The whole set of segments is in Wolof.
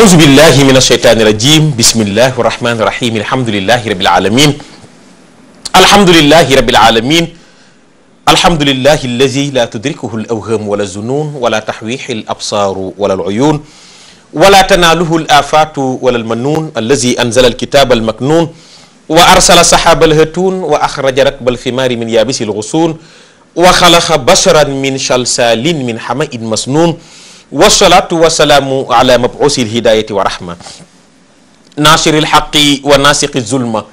أعوذ بالله من الشيطان الرجيم بسم الله الرحمن الرحيم الحمد لله رب العالمين الحمد لله رب العالمين الحمد لله الذي لا تدركه الأوهام ولا الزنون ولا تحويح الأبصار ولا العيون ولا تناله الآفات ولا المنون الذي أنزل الكتاب المكنون وأرسل سحاب الهتون وأخرج ركب الثمار من يابس الغصون وخلق بشرا من شلسال من حمإ مسنون wasalaatu wasalaamu ala mabuusil hidayati wa rahma naasiril xaqi wa naasiqi zulma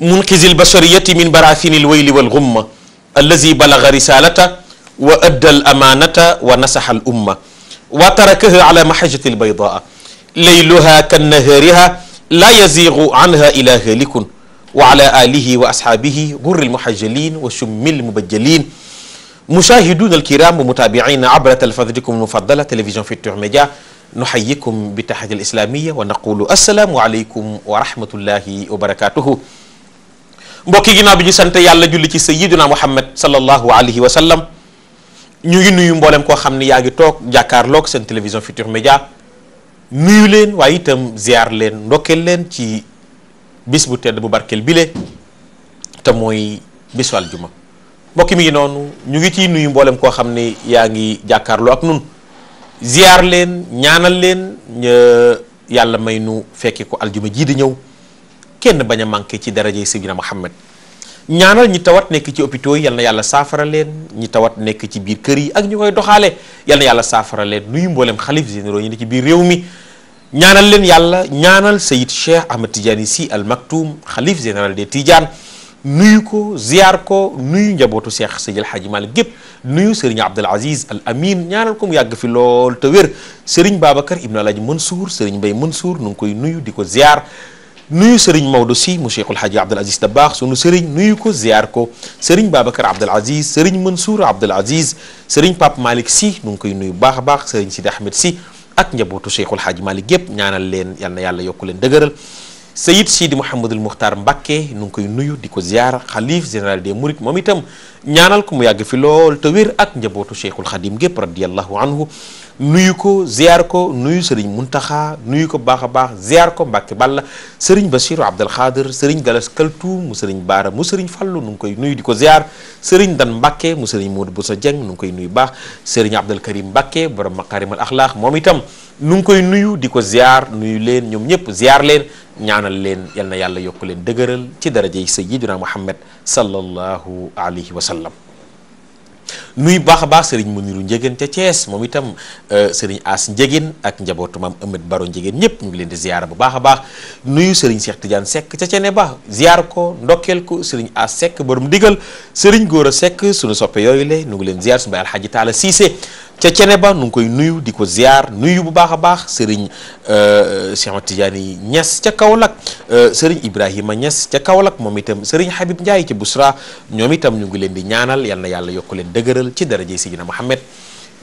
munqizil bashariyati min baraafinil wayli wal gumma allazi balaga risalata wa adda al amaanata wa nasaxa al umma wa tarakaha ala mahajati al baydaa layluha kan nahaariha laa yaziigu anha ila halikun wa ala alihi wa ashaabihi gurri al muhajjalin wa shummi al mubajjalin مشاهدونا الكرام ومتابعينا عبر تلفزتكم المفضلة تلفزيون فيوتشر ميديا نحييكم بالتحية الإسلامية ونقول السلام عليكم ورحمة الله وبركاته mbokk yi ginnaaw bi ñu sant yàlla julli ci sayyiduna muhammad sallallahu alayhi wa sallam ñu ngi nuyu mboolem koo xam ni yaa ngi toog jàkkaarloog seen télévision Futurs Médias nuyu leen waaye itam ziar leen ndokkeel leen ci bis bu tedd bu barkeel bile te mooy bisu aljuma mbokki mi ngi noonu ñu ngi ciy nuyu mboolem koo xam ni yaa ngi jàkkaarloo ak nun ziar leen ñaanal leen yàlla may nu fekke ko aljuma jii di ñëw kenn bañ a manqué ci daraje Seydina Muhammad ñaanal ñi tawat nekk ci hôpitaux yi yàlla saafara leen ñi tawat nekk ci biir kër yi ak ñu koy doxaale yal yàlla saafara leen nuyu mboolem xalif généraux yi ne ci biir réew ñaanal leen yàlla ñaanal Sayid Cheikh Ahmad Tidiane Sy Al Maktoum xalif général des Tidiane nuyu ko ziar ko nuyu njabootu Cheikh Seydil Hadji Malick gépp nuyu Serigne Abdoul Aziz Al Amin ñaanal ko mu yàgg fi lool te wér Serigne Babacar Ibn Alhaji Mansour Serigne Mbaye Mansour nu ngi koy nuyu di ko ziar nuyu Serigne Maodo si mu Cheikhul Hadji Abdoul Aziz Dabakh sunu Serigne nuyu ko ziar ko Serigne Babacar Abdoul Aziz Serigne Mansour Abdoul Aziz Serigne Pape Malick Sy nu ngi koy nuyu baax a baax Serigne Sidi Ahmed si ak njabootu Cheikhul Hadji Malick gépp ñaanal leen yal yàlla yokku leen dëgëral Sayid Sidi Mouhamadul Muxtaar Mbacke nu ngi koy nuyu di ko ziar xalif général des Mourides moom itam ñaanal ko mu yàgg fi lool te wér ak njabootu Cheikhul Xadim gépp radiallahu anhu nuyu ko ziar ko nuyu sëriñ Muntaxa nuyu ko baax a baax ziar ko Mbàkke Balla sëriñ Basiru Abdul Xaadir sëriñ Galas Kaltu mu sëriñ Baara mu sëriñ Fallu nu ngi koy nuyu di ko ziar sëriñ Dan Mbàkke mu sëriñ Moodu sa Jeng nu ngi koy nuyu baax sëriñ Abdul Karim Mbàkke borom maqaarimal axlaax moom itam nu ngi koy nuyu di ko ziar nuyu leen ñoom ñëpp ziar leen ñaanal leen yal yàlla yokk leen dëgëral ci darajey sayyidina Muhammad sallallahu alayhi wa sallam nuy baax a baax sëriñ Muniru Njegéen ca Thiès moom itam sëriñ As Njegéen ak njabootu maam Ahmed Baro Njegéen ñëpp ñu ngi leen di ziyaara bu baax a baax nuyu sëriñ Cheikh Tidiane Seck ca Cene ba ziyaar ko ndokkeel ko sëriñ As Seck borom digal sëriñ Góora Seck suñu soppe yooyu la nu ngi leen ziyaar suñu bay Alxaaji Taala Siise ca cene ba nu ngi koy nuyu di ko ziar nuyu bu baax a baax sëriñ euh, Cheikh Ahmad Tidiane Niass ca Kaolack euh, sëriñ Ibrahima Niass ca kaw Kaolack moom itam sëriñ Habib Ndiaye ca Bousra ñoom itam ñu ngi leen di ñaanal yal na yàlla yokk leen dëgëral wéral ci darajey Sidina Muhammad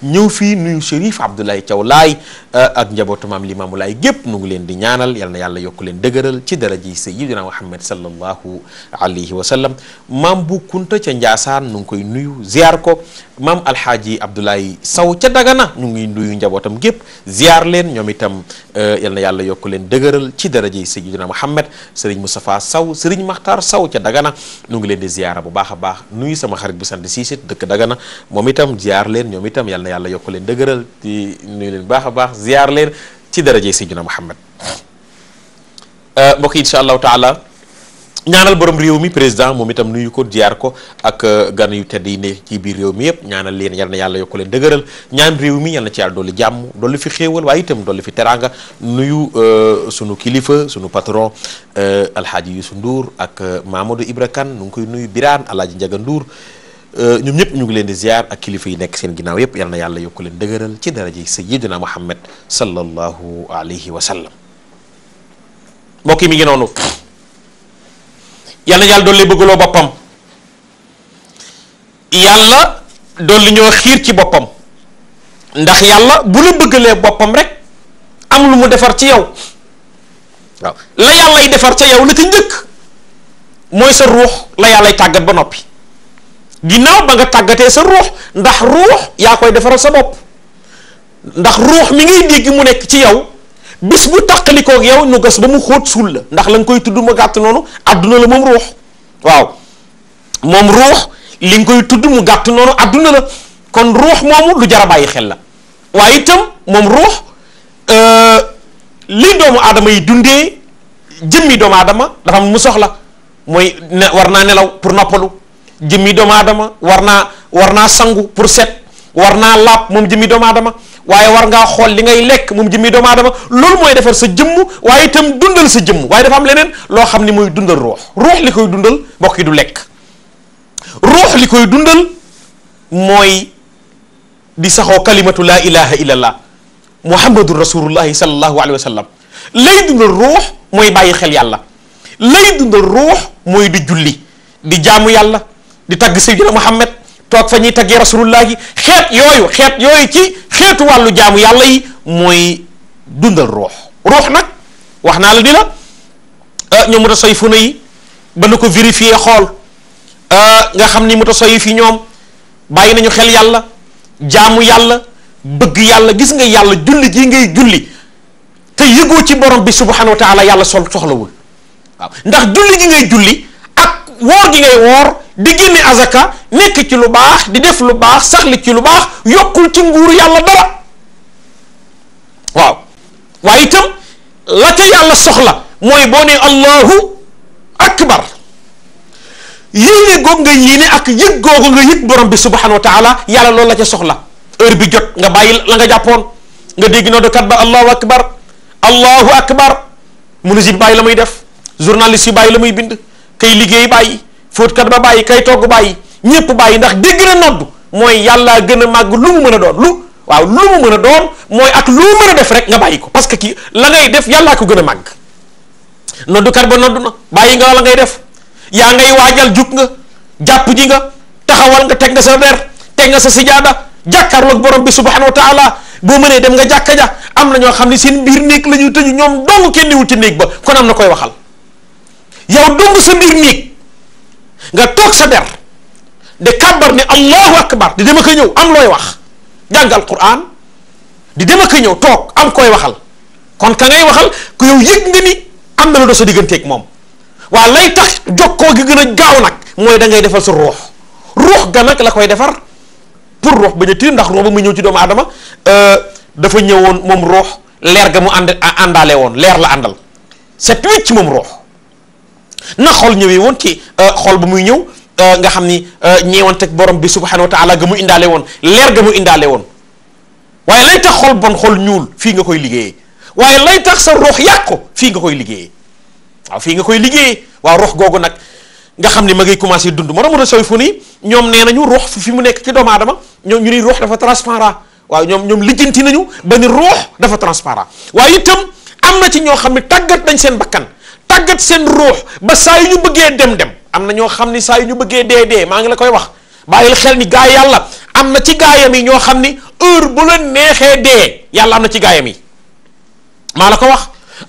ñëw fii nuyu Chérif Abdoulaye Thiaw Laay euh, ak njabootu maam Limaamu Laay gépp nu ngi leen di ñaanal yal na yàlla yokk leen dëgëral ci daraji sayyidina Muhammad sallallahu alayhi wa sallam maam bu kunta ca Njaasaan nu ngi koy nuyu ziar ko maam Alxaaji Abdoulaye Saw ca Dagana nu ngi nuyu njabootam gépp ziar leen ñoom itam Euh, yal na yàlla yokk leen dëgëral ci daraja yi Seydina Mouhamed sëriñ Moustapha Saw sëriñ Makhtar Saw ca Dagana nu ngi leen di ziyaara bu baax a baax nuyu sama xarit bi sant Cissé dëkk Dagana moom itam ziyaar leen ñoom itam yal yàlla yokk leen dëgëral di nuyu leen baax a baax ziyaar leen ci daraja yi Seydina Mouhamed euh, mbokk yi incha allahu taala ñaanal boroom réew mi président moom itam nuyu ko jaar ko ak euh, gan yu tedd yi ne ci biir réew mi yëpp ñaanal leen yal na yàlla yokk leen dëgëral ñaan réew mi yal na ci yàlla dolli jàmm dolli fi xéewal waaye itam dolli fi teraanga nuyu euh, sunu kilifa sunu patron euh, alhaaji Youssou Ndour ak Mamadou Ibra Kane nu ngi koy nuyu Birane alhaaji Njaga Ndour ñoom ñëpp ñu ngi leen di ziar ak kilifa yi nekk seen ginnaaw yëpp yal na yàlla yokk leen dëgëral ci daraja sayyidina Muhammad sallallahu alayhi wa sallam mbokk yi mi ngi yàlla na yàlla dolli bëggloo boppam yàlla dolli ñoo xiir ci boppam ndax yàlla bu la bëggalee boppam rek am lu mu defar ci yow la yàllay defar ca yow la ca njëkk mooy sa ruux la yàllay tàggat ba noppi ginnaaw ba nga tàggatee sa ruux ndax ruux yaa koy defaral sa bopp ndax ruux mi ngay dégg mu nekk ci yow bis bu taqalikoog yow nu gas ba mu xóot suul la ndax la koy tudd mu gàtt noonu adduna la moom ruux waaw moom ruux li nga koy tudd mu gàtt noonu adduna la kon ruux moomu lu jar a xel la waaye itam moom ruux euh, li doomu aadama yi dundee jëmmi doomu aadama dafa mu soxla mooy ne war naa nelaw pour noppalu jëmmi doomu aadama war naa war naa sangu pour set war naa laab moom jëmmi doomu aadama waaye war ngaa xool li ngay lekk moom jëmmi doomu aadama loolu mooy defar sa jëmm waaye itam dundal sa jëmm waaye dafa am leneen loo xam ni mooy dundal ruux ruux li koy dundal mbokk yi du lekk ruux li koy dundal mooy di saxoo kalimatu laa ilaha illallah muhammadun rasulullahi sallallahu alayhi wa sallam lay dundal ruux mooy bàyyi xel yàlla lay dundal ruux mooy di julli di jaamu yàlla di tagg sayyidina muhammad toog fa ñuy taggee rasulullah yi xeet yooyu xeet yooyu ci xeetu wàllu jaamu yàlla yi mooy dundal ruux ruux nag wax naa la ni la ah, ñoom mutasawwifuna yi ba na ko vérifier xool ah, nga xam ni mutasawwif yi ñoom bàyyi nañu xel yàlla jaamu yàlla bëgg yàlla gis nga yàlla julli ji ngay julli te yëgoo ci borom bi subhanahu wa taala yàlla sol soxlawul ndax julli ji ngay julli woor gi ngay woor di génne azaka nekk ci lu baax di def lu baax sax saxli ci lu baax yokkul ci nguuru yàlla dara waaw waaye itam la ca yàlla soxla mooy boo ne allahu akbar yéene googu nga yéene ak yëg googu nga yëg borom bi subhanahu wa taala yàlla loolu la ca soxla heure bi jot nga bàyyi la nga jàppoon nga dégg noddukat ba allahu akbar allahu akbar munisi bi bàyyi la muy def journaliste yi bàyyi la muy bind kay liggéey bàyyi fóotkat ba bàyyi kay togg bàyyi ñépp bàyyi ndax dégg na nodd mooy yàllaa gën a màgg lu mu mën a doon lu waaw lu mu mën a doon mooy ak lu mën a def rek nga bàyyi ko parce que kii la ngay def yàllaa ko gën a màgg noddukat ba nodd na bàyyi nga la ngay def yaa ngay waajal jug nga jàpp ji nga taxawal nga teg nga sa reer teg nga sa sijaada jàkkaarloog borom bi subhanahu wa taala boo mënee dem nga jàkka ja am na ñoo xam ne seen biir néeg la ñuy tëju ñoom dong kenn ci néeg ba kon am na koy waxal yow dong sa mbir néeg nga toog sa der de kàbbar ne allahu akbar di dem ak a ñëw am looy wax jàngal quran di dem ak a ñëw toog am koy waxal kon ka ngay waxal ku yow yëg nga ni am na lu do sa digganteeg moom waa lay tax koo gi gën a gaaw nag mooy dangay ngay defal sa ruux ruux ga nag la koy defar pour ruux ba ñu tiir ndax ruux ba muy ñëw ci doomu aadama euh, dafa ñëwoon moom ruux leer ga mu ànd àndaale woon leer la àndal c'est ci moom ruux na xol ñëwee woon ci euh, xol ba muy ñëw euh, nga xam ni euh, ñeewanteeg borom bi subhanahu wa taala ga mu indaale woon leer ga mu indaale woon waaye lay tax xol bon xol ñuul fii nga koy liggéeyee waaye lay tax sa ruux yàq ko fii nga koy liggéeyee waaw fii nga koy liggéeyee waa ruux googu nag nga xam ni ma ngay commencé dund moo tax mën a soy fu ni ñoom nee nañu ruux fi mu nekk ci doomu aadama ñoom ñu ni ruux dafa transparent waaw ñoom ñoom lijjanti nañu ba ni ruux dafa transparent waaye itam am na ci ñoo xam ne tàggat dañ seen bakkan tàggat seen ruux ba saa yu ñu bëggee dem dem am na ñoo xam ni saa yu ñu bëggee dee dee maa ngi la koy wax bàyyil xel ni gaay yàlla am na ci gaayam yi ñoo xam ni bu la neexee dee yàlla am na ci gaayam yi maa la ko wax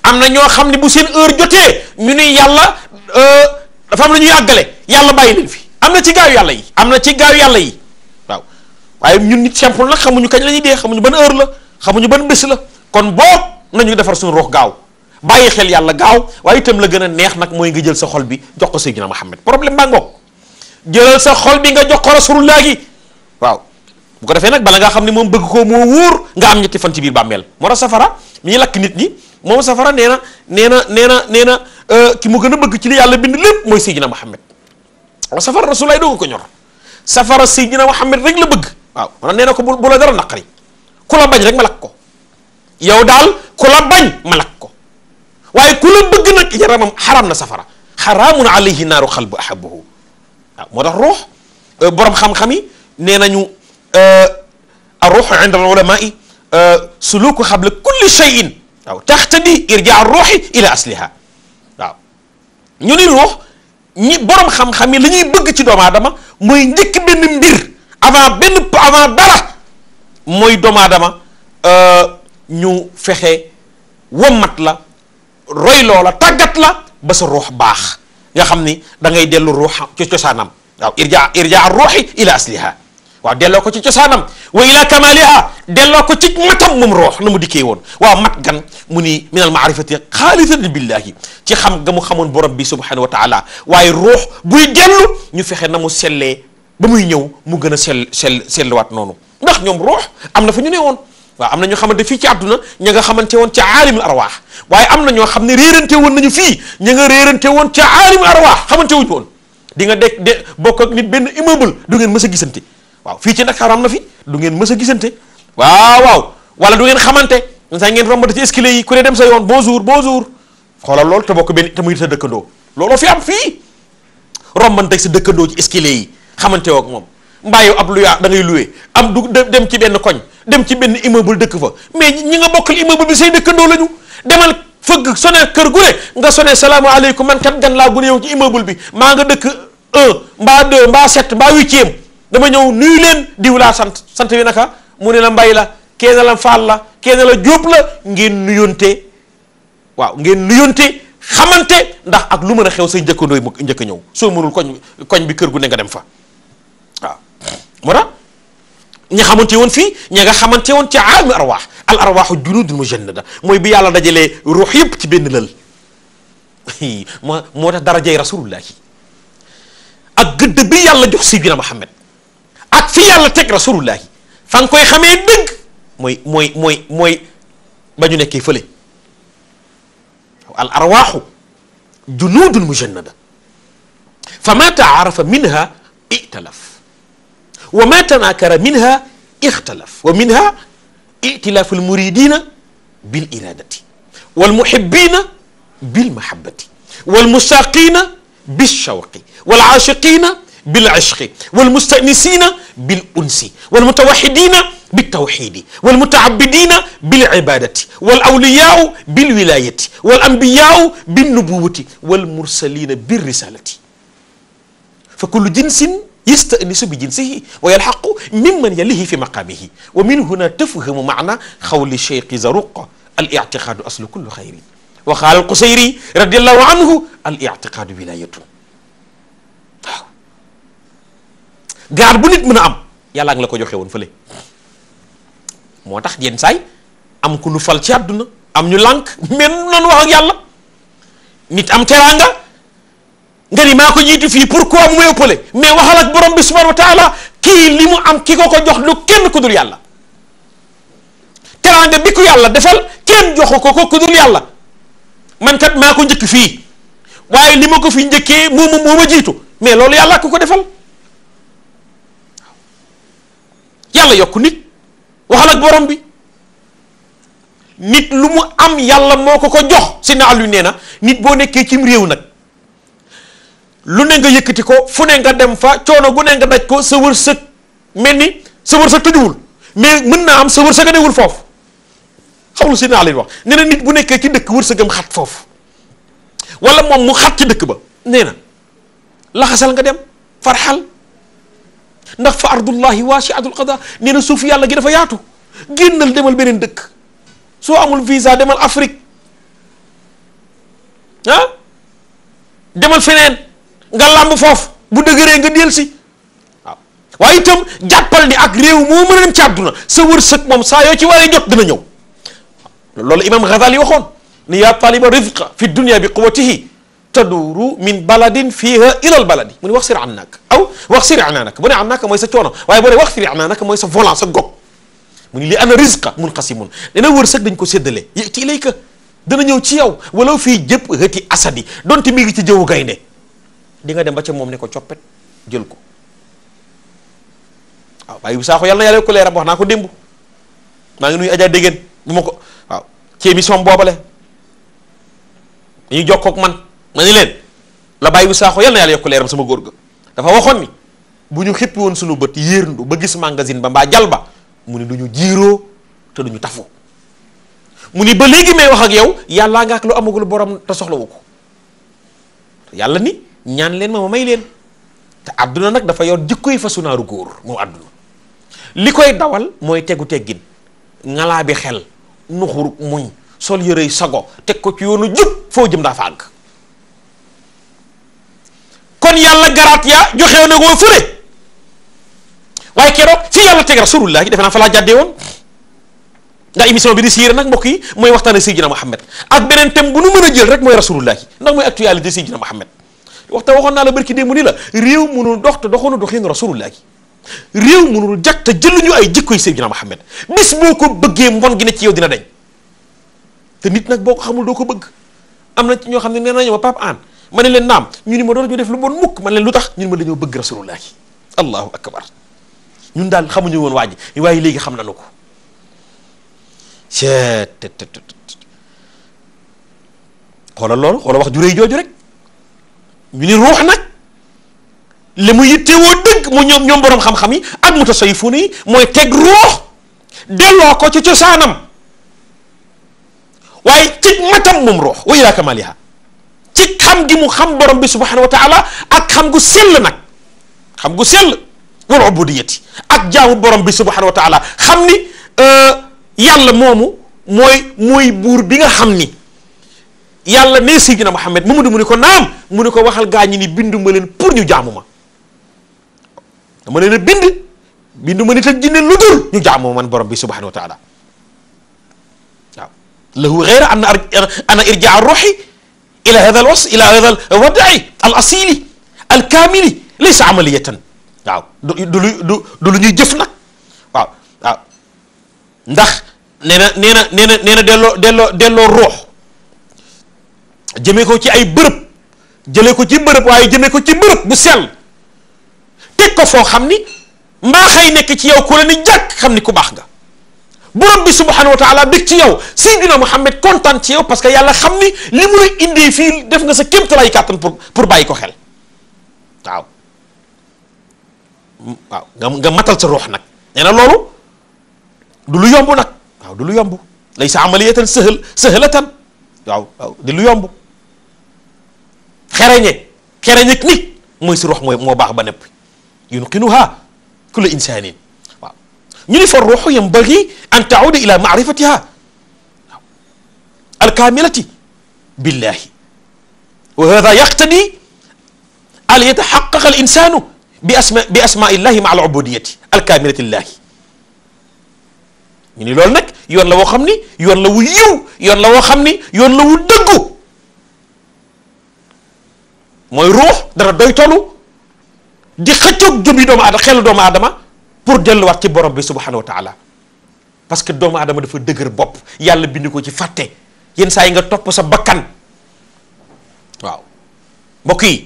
am na ñoo xam ni bu seen heure jotee ñu ni yàlla euh, dafa am na ñuy àggale yàlla bàyyi leen fi am na ci gaayu yàlla yi am na ci gaayu yàlla yi waaw waaye ñun nit simple nag xamuñu kañ la ñuy dee xamuñu ban heure la xamuñu ban bés la kon boog nañu defar suñu rox gaaw bàyyi xel yàlla gaaw waaye itam la gën a neex nag mooy nga jël sa xol bi jox ko Seydina Muhammad problème baa ngoog jëlal sa xol bi nga jox ko rasulullah gi waaw bu ko defee nag bala nga xam ne moom bëgg ko moo wóor nga am ñetti fan ci biir bàmmeel moo tax safara mi lakk nit ñi moom safara nee na nee na nee na nee na euh, ki mu gën a bëgg ci li yàlla bind lépp mooy Seydina Muhammad waaw safara rasulullah doo ko ñor safara Seydina Muhammad rek la bëgg waaw man nee na ko bu la dara naqari ko yow daal ku la bañ ma lakk waaye ku la bëgg nag yaramam xaraam na safara xaraamun alayhi naaru xalbu ahabahu waaw moo tax ruux euh, borom xam-xam yi nee nañu euh, arruuxu inda al ulamaai euh, suluku xabla kulli cheyin waaw taxtadi irjaa ruuxi ila asliha waaw ñu ni ruux ñi borom xam-xam yi la ñuy bëgg ci doomu aadama mooy njëkk benn mbir avant benn avant dara mooy doomu aadama ñu fexe womat la roy loola tàggat la ba sa ruux baax nga xam ni da ngay dellu ruux ci cosaanam waaw irja irja ruuxi ila asliha waaw delloo ko ci cosaanam wa ila kamaliha delloo ko ci matam moom ruux na mu dikkee woon waa mat gan mu ni min al maarifati xaalisatan billahi ci xam nga mu xamoon borom bi subhanahu wa taala waaye ruux buy dellu ñu fexe na mu sellee ba muy ñëw mu gën a sell sell selluwaat noonu ndax ñoom ruux am na fa ñu ne woon waaw am na ñoo xamante fii ci àdduna ña nga xamante woon ca aalimul arwaax waaye am na ñoo xam ne réerante woon nañu fii ña nga réerante woon ca aalimul arwaax xamante wuñu woon di nga dek de bokk ak nit benn immeuble du ngeen mës a gisante waaw fii ci Dakar am na fi du ngeen mës a gisante waaw waaw wala du ngeen xamante saa ngeen rombante ci escalier yi ku ne dem sa yoon bonjour bonjour xoolal loolu te bokk benn te muy sa dëkkandoo looloo fi am fii rombante sa dëkkandoo ci escalier yi xamante woog moom mbàyyi ab luyaa da ngay luwee am du dem ci benn koñ dem ci benn immeuble dëkk fa mais ñi nga bokkal immeuble bi say dëkkandoo lañu demal fëgg sone kër gu nga sone salaamaaleykum man kat gan laa gu ne yow ci immeuble bi maa nga dëkk un mbaa deux mbaa sept mbaa huitième dama ñëw nuyu leen diw laa sant sant wi naka mu ne la mbay la kenn la faal la kenn la jóob la ngeen nuyonte waaw ngeen nuyonte xamante ndax ak lu mën a xew say njëkkandoo yi njëkk ñëw soo mënul koñ koñ bi kër gu ne nga dem fa ñi xamante woon fii ña nga xamante woon ci aami arwaax al arwaaxu junudun mujannada mooy bi yàlla dajalee ruux yëpp ci benn lël moo moo tax darajay rasulullahi ak gëdd bi yàlla jox sayyidina Muhammad ak fi yàlla teg rasulullahi fa nga koy xamee dëgg mooy mooy mooy mooy ba ñu nekkee fële al arwaaxu fa ma taarafa minha italaf wa ma tanakara minha ixtalaf wa minha itilafu almuridina bil iradati walmuhibina bilmahabati walmusaqina bilshawqi walaachiqina bilishqi walmustanisina bil unsi walmutawahidina بالتوحيد والمتعبدين بالعبادة والأولياء بالولاية والأنبياء بالنبوة والمرسلين بالرسالة فكل جنس yastanisu bi jinsihi wa yalhaqu mimman yalihi fi maqamihi wa min huna tafhamu maana xawli cheikhi zaruq al ictiqaadu aslu kulli xayri wa qaala al qusayri radiallahu anhu al ictiqaadu wilayatun waaw gaar bu nit mën a am yàlla ngi la ko joxe woon fële moo tax yenn saay am ku nu fal ci àdduna am ñu lànk men noonu wax ak yàlla nit am teraanga nga ni maa ko jiitu fii pourquoi mu may ëppale mais waxal ak borom bi subhanahu wa taala kii li mu am ki ko ko jox lu kenn ku dul yàlla teraanga bi ko yàlla defal kenn joxu ko ko ku yàlla man kat maa ko njëkk fii waaye li ma ko fi njëkkee mooma mooma jiitu mais loolu yàlla ku ko defal yàlla yokku nit waxal ak borom bi nit lu mu am yàlla moo ko ko jox si na àllu nee na nit boo nekkee cim réew nag lu ne nga yëkkati ko fu ne dem fa coono gu ne nga daj ko sa wërsëg mel ni sa wërsëg tëjuwul mais mën naa am sa wërsëg a newul foofu xawlu si naa leen wax nee na nit bu nekkee ci dëkk am xat foofu wala moom mu xat ci dëkk ba nee na laxasal nga dem farxal ndax fa ardullahi waasiatul qada nee na suuf yàlla gi dafa yaatu génnal demal beneen dëkk soo amul visa demal Afrique ah? demal feneen nga làmb foofu bu dëgëree nga del si waaw waaye itam jàppal ni ak réew mu mën a dem ci àdduna sa wërsëg moom saa yoo ci waree jot dina ñëw loolu imam Ghazali waxoon ni yaa taliba rizqa fi dunia bi quwatihi taduuru min baladin fiha ilal baladi mu ne wax sir annaaka aw wax sir annaaka bu ne annaaka mooy sa coono waaye bu ne wax sir annaaka mooy sa volant sa gog mu ne li ana rizqa munqasimun dana wërsëg dañ ko séddale yéeg ci ilayka dana ñëw ci yow walaw fii jëpp hëti asadi donte mi ngi ci jëwu gaynde di nga dem ba ca moom ne ko coppet jël ko waaw waaye bu saako yàlla na yàlla ko leeram wax naa ko démb maa ngi nuy Adja Dégéen bu ma ko waaw ci émission boobale ñu jokkoo ak man ma ni leen la bàyyi bu saaxoo yàlla yokk leeram sama góor dafa waxoon ni bu ñu xippi woon sunu bët yéerndu ba gis magasin ba mbaa jal ba mu ni du ñu jiiroo te lu ñu tafoo mu ni ba léegi may wax ak yow yàlla nga ak lu amagul borom te soxlawu ko yàlla ni ñaan leen ma ma may leen te àdduna nag dafa yor jikkoy fa sunaaru góor moom àdduna li koy dawal mooy tegu teggin ngalaa bi xel nuxur muñ sol yërey sago teg ko ci yoonu jub foo jëm daa fa àgg kon yàlla garaat yaa joxew na koo fële waaye keroog fii yàlla teg rasulullah defe naa fa laa jàddee woon ndax émission bi di siire nag mbokk yi mooy waxtaane Seydina Muhammad ak beneen thème bu nu mën a jël rek mooy rasulullah ndax mooy actualité Seydina Muhammad waxta waxoon naa la barki démb ni la réew mënul dox te doxoonu doxiin rasulullah gi réew mu mënul jag te jël ñu ay jikkoy Seydina Muhammad bis boo ko bëggee mbon gi ne ci yow dina dañ te nit nag boo ko xamul doo ko bëgg am na ci ñoo xam ne nee nañu ma Pape Hann ma ne leen naam ñu ni ma doon ñu def lu bon mukk ma ne leen lu tax ñu ne ma dañoo bëgg rasulullah gi allahu akbar ñun daal xamuñu woon waa ji waaye léegi xam nañu ko ceet xoolal loolu xoolal wax ju rëy rek ñu ni ruux nag li mu yittewoo dëgg mu ñoom ñoom boroom xam-xam yi ak mu tasawufoon mooy teg ruux delloo ko ci cosaanam waaye cig matam moom ruux wa ilaa kamaliha ci xam gi mu xam borom bi subhanahu wa taala ak xam gu sell nag xam gu sell wal ubudiyati ak jaamu boroom bi subhanahu wa taala xam ni euh, yàlla moomu mooy mooy buur bi nga xam ni yàlla ne Seydina Muhammad Mamadou mu ni ko naam mu ni ko waxal gaa ñi ni bindu ma leen pour ñu jaamu ma dama leen a bind bindu ma nit ak jinne lu dul ñu jaamu ma man borom bi subhanahu wa taala waaw lahu xeyra anna ana irjaa ruuxi ila hada al was ila hada al wadai al asili al kaamili laysa amaliyatan waaw du du du du lu ñuy jëf nag waaw waaw ndax nee na nee na nee na nee na delloo delloo delloo ruux jëmee ko ci ay bërëb jëlee ko ci bërëb waaye jëmee ko ci bërëb bu sell teg ko foo xam ni mbaaxay nekk ci yow ku la ni jàkk xam ni ku baax nga borom bi subhanahu wa taala bég ci yow Seydina Muhammad kontaan ci yow parce que yàlla xam ni li mu indee fii def nga sa kéemtalaay kàttan pour pour bàyyi ko xel nga matal sa ruux nag nee na loolu du lu yomb nag waaw du lu yomb laysa amaliyatan sahal sahalatan waaw waaw lu yomb xereñe xereñeg nit mooy si ruux mooy moo baax ba nepp yunqinuha kulla insaanin waaw ñu ni fa ruuxu yambagi an tauda ila maarifatiha waaw alkaamilati billahi wa hada yaqtadi al yataxaqaq al insanu bi asma bi asmaa illahi ma al ubudiyati alkaamilati illahi ñu ni loolu nag yoon la woo xam ni yoon la wu yiw yoon la woo xam ni yoon la wu dëggu mooy ruux dana doy tolu di xëccoog jëm yi doomu aadama xelu doomu aadama pour delluwaat ci borom bi subhanahu wa taala parce que doomu aadama dafa dëgër bopp yàlla bind ko ci fàtte yenn saa yi nga topp sa bakkan waaw mbokk yi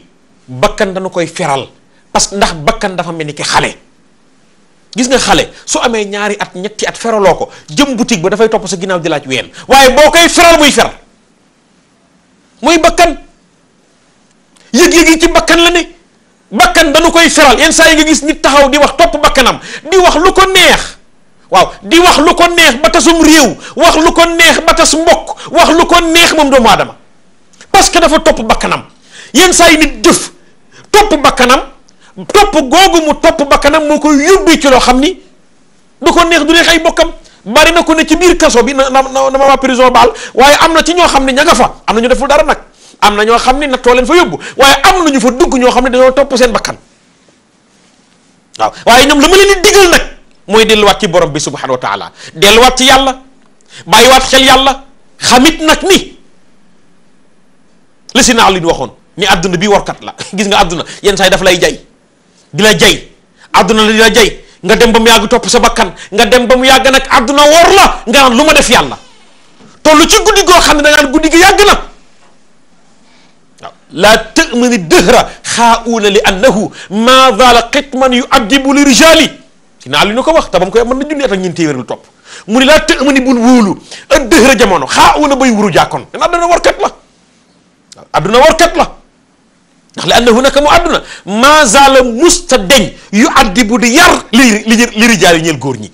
bakkan dana koy feral parce que ndax bakkan dafa mel ni ki xale gis nga xale su amee ñaari at ñetti at feraloo ko jëm boutique ba dafay topp sa ginnaaw di laaj ween waaye boo koy feral muy feral muy bakkan yëg-yëg yi ci bakkan la ne bakkan dañu koy feral yenn saa yi nga gis nit taxaw di wax topp bakkanam di wax lu ko neex waaw di wax lu ko neex ba tasum réew wax lu ko neex ba tas mbokk wax lu ko neex moom doomu aadama parce que dafa topp bakkanam yenn saa yi nit jëf topp bakkanam topp googu mu topp bakkanam moo koy yóbbee ci loo xam ni du ko neex du neex ay bokkam bari na ko ne ci biir kaso bi na na na ma waa prison baal waaye am na ci ñoo xam ne ña nga fa am na ñu deful dara nag. am na ñoo xam ne nattoo leen fa yóbbu waaye am na ñu fa dugg ñoo xam ne dañoo topp seen bakkan waaw waaye ñoom la ma leen di nag mooy delluwaat ci borom bi subhanahu wa taala delluwaat ci yàlla bàyyiwaat xel yàlla xamit nag ni li si naa li ñu waxoon ni àdduna bi warkat la gis nga àdduna yenn saa yi daf lay jay dina la àdduna la di la nga dem ba mu yàgg topp sa bakkan nga dem ba mu yàgg nag àdduna wor la nga naan lu ma def yàlla toll ci guddi xam ne da ngaan laa tëmani dëhra xaa'uuna li annahu maa zaala xitman yu addibu li rijaali dinaa li ñu ko wax te ba mu koy mën na junni at ak ñeenti téeméer lu topp mu ni laa tëmani bul wóolu ak dëhra jamono xaa'uuna bay wuru jàkkoon dana adduna warkat la adduna warkat la ndax li annahu naka mu adduna maa zaala musta deñ yu addibu di yar li li rijaali ñeel góor ñi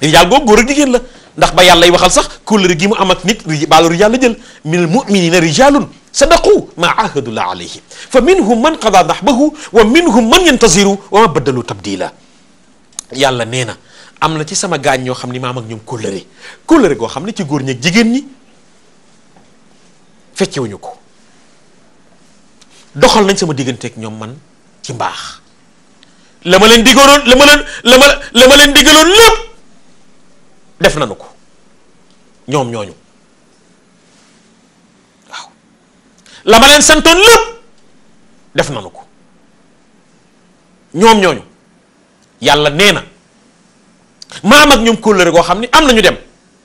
rijaal googu góor ak jigéen la ndax ba yàlla lay waxal sax kóllëre gi mu am ak nit baalu rijaal la jël minal mu'minina rijaalun sadaqu maa ahadullah alayhi fa minhum man qada nahbahu wa minhum man yantaziru wa ma baddalu tabdila yàlla nee na am na ci sama gaañ ñoo xam ni maam ak ñoom kóllëre kóllëre goo xam ne ci góor ñi jigéen ñi feccewuñu ko doxal nañ sama digganteeg ñoom man ci mbaax la ma leen digaloon la ma leen la ma la ma leen digaloon def nañu ko ñoom ñooñu la ma leen santoon lépp def nanu ko ñoom ñooñu yàlla nee na maam ak ñoom kóllëre koo xam ni am na ñu dem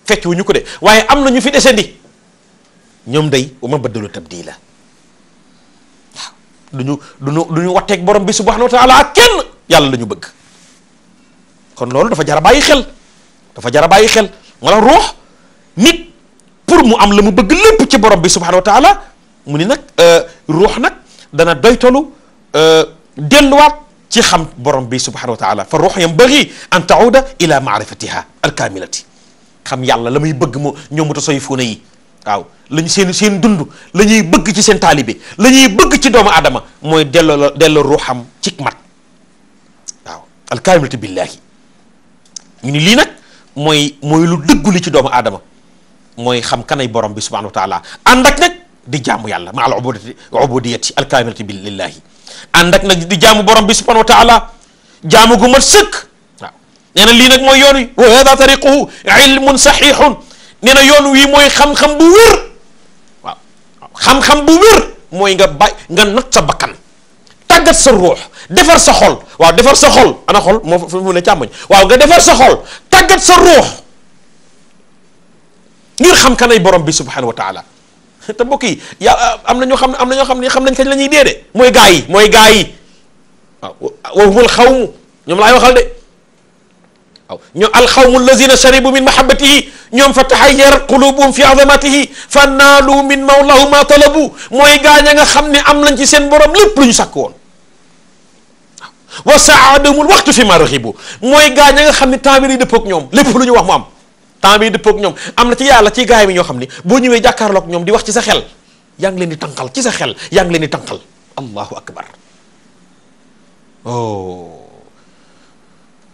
fecc wu ñu ko de waaye am na ñu fi dese di ñoom day wa ma dii la waaw duñu duñu duñu watteeg borom bi subhanahu wa ak kenn yàlla lañu bëgg kon loolu dafa jar a bàyyi xel dafa jar a bàyyi xel moo ruux nit pour mu am la mu bëgg lépp ci borom bi subhanahu wa mu ni nag euh, ruux nag dana doytalu euh, delluwaat ci xam borom bi subhanahu wa taala fa ruux yambagi an tauda ila maarifatiha alkaamilati xam yàlla la muy bëgg mu ñoom mu tasawufuuna yi waaw lañu seen seen dund la ñuy bëgg ci seen taalibe la ñuy bëgg ci doomu aadama mooy delloo delloo ruuxam cig mat waaw alkaamilati billahi ñu ni lii nag mooy mooy lu dëggu ci doomu aadama mooy xam kanay borom bi subhanahu wa taala ànd nag di jaamu yàlla ma al ubudati ubudiyati alkaamilati bi lillahi ànd ak nag di jaamu borom bi subhanahu wa taala jaamu gu mat sëkk waaw nee na lii nag mooy yoon wi wa hada tariquhu ilmun saxiixun nee na yoon wi mooy xam-xam bu wér waaw xam-xam bu wér mooy nga bay nga nat sa bakkan tàggat sa ruux defar sa xol waaw defar sa xol ana xol moo fi mu ne càmmoñ waaw nga defar sa xol tàggat sa ruux ngir xam kanay borom bi subhanahu wa taala te mbokk yi yàlla am na ñoo xam ne am na ñoo xam ne xam nañ kañ la ñuy dee de mooy gaa yi mooy gaa yi waaw wahumul xawmu ñoom laay waxal de waaw ñoom alxawmu allazina sharibu min mahabbatihi ñoom fa taxayyar qulubuhum fi azamatihi fa naalu min mawlahu ma talabu mooy gaa ña nga xam ne am nañ ci seen borom lépp lu ñu sàkk woon waaw wa saadahumul waxtu fi ma raxibu mooy gaa ña nga xam ne temps bi dëppoog ñoom lépp lu ñu wax mu am temps bi dëppook ñoom am na ci yàlla ci gaay mi ñoo xam ni boo ñëwee jàkkaarlook ñoom di wax ci sa xel yaa ngi leen di tànqal ci sa xel yaa ngi leen di tànqal allahu akbar oh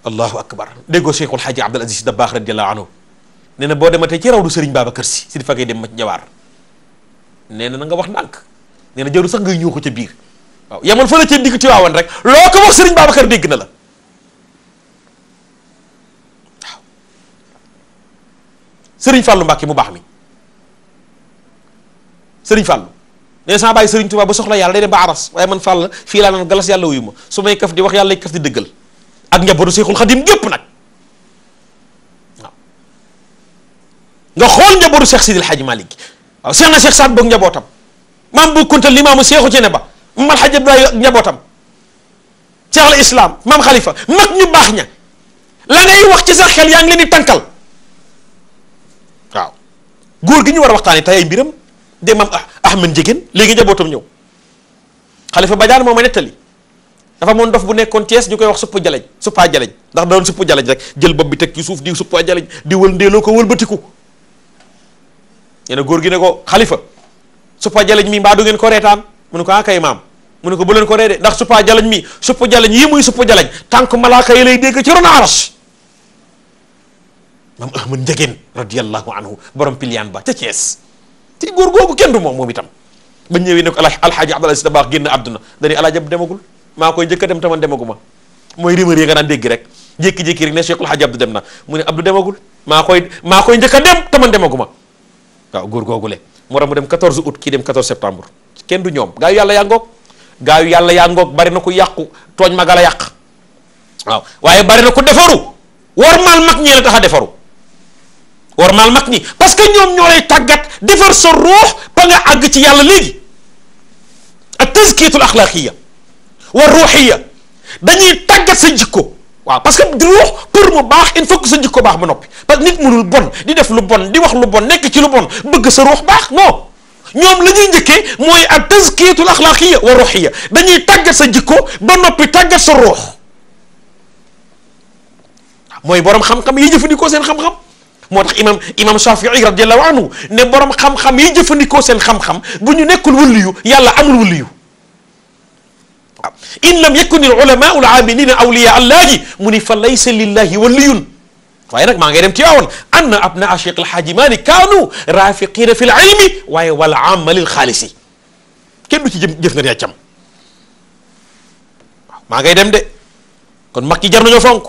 allahu akbar déggoo cheikhul xaaji abdul aziz dabaax radiallahu anhu nee na boo dematee ci raw du sëriñ Babacar Si si di faggee dem ma jawaar nee na na nga wax ndànk nee na jarul sax ngay ñëw ko ca biir waaw yamal fa la ca digg ci waawan rek loo ko wax sëriñ Babacar dégg na la sëriñ fàllu mbàkke mu baax mi sëriñ fàllu nee sama bàyyi sëriñ Tuubaa ba soxla yàlla day ba aras waaye man fàll fii laa naan galas yàlla wuyu ma su may kaf di wax yàlla kaf di dëggal ak njabootu seexul xadim gépp nag waaw nga xool njabootu seex sidil xaaji malik waaw seex na seex saat boog njabootam maam bu kuntal ci ne ba mal xaj ak njabootam seex al maam xalifa mag ñu baax ña la ngay wax ci sa xel yaa ngi leen di tànkal góor gi ñu war a yi tey ay mbiram de maam ah, Ahmed Ndiéguène léegi njabootam ñëw Xalifa Badiane moom ma nettali dafa moon dof bu nekkoon Thiès ñu koy wax suppa jaleñ suppa jaleñ ndax doon suppa jaleñ rek jël bopp bi teg ci suuf di suppa jaleñ di wëlndeeloo ko wëlbatiku nee na góor gi ne ko Xalifa suppa jaleñ mi mbaa du ngeen ko reetaan mu ne ko ah, kay maam mu ne ko bu leen ko reede ndax suppa jaleñ mi suppa jaleñ yi muy suppa jaleñ tànk malaaka yi lay dégg ci ron maam ahmad njegéen radiallahu anhu borom piliyaan ba ca Thiès ci góor googu kenn du moom moom itam ba ñëwee ne ko alxaaji abdul aziz dabaax génn àdduna dañuy alaaji ab demagul maa koy njëkk a dem taman demaguma mooy rumeur yi nga daan dégg rek jékki-jékki ne cheikhul xaaji dem na mu ne abdu demagul maa koy maa koy njëkk a dem taman demaguma waaw góor googu le moo tax mu dem 14 août kii dem 14 septembre kenn du ñoom gaayu yàlla yaa ngoog gaayu yàlla yaa ngoog bari na ko yàqu tooñ magal a yàq waaw waaye bari na ko defaru war maal mag ñi la tax a defaru war maal mag ni parce que ñoom ñoo lay tàggat defar sa ruux ba nga àgg ci yàlla léegi ak tazkiyatul axlaaqiya wa ruuxiya dañuy tàggat sa jikko waaw parce que ruux pour mu baax il faut sa jikko baax ba noppi parce que nit mënul bon di def lu bon di wax lu bon nekk ci lu bon bëgg sa ruux baax non ñoom la ñuy njëkkee mooy ak tazkiyatul axlaaqiya wa ruuxiya dañuy tàggat sa jikko ba noppi tàggat sa ruux mooy borom xam-xam yi jëfandikoo seen xam-xam. moo tax imam imam Shafii radiallahu anhu ne borom xam-xam yi jëfandikoo seen xam-xam bu ñu nekkul waliyu yàlla amul waliyu waaw in lam yakun il ulamaau l amilina awliya allahi mu ni fa laysa lillahi waliyun waaye nag maa ngay dem Tiwaawan anna abnaa Cheikh El Hadji Malick kaanu raafiqiina fi l ilmi waaye wal amali l xaalisi kenn du ci jëf jëf na yàccam waaw maa ngay dem de kon mag yi jar nañoo fonk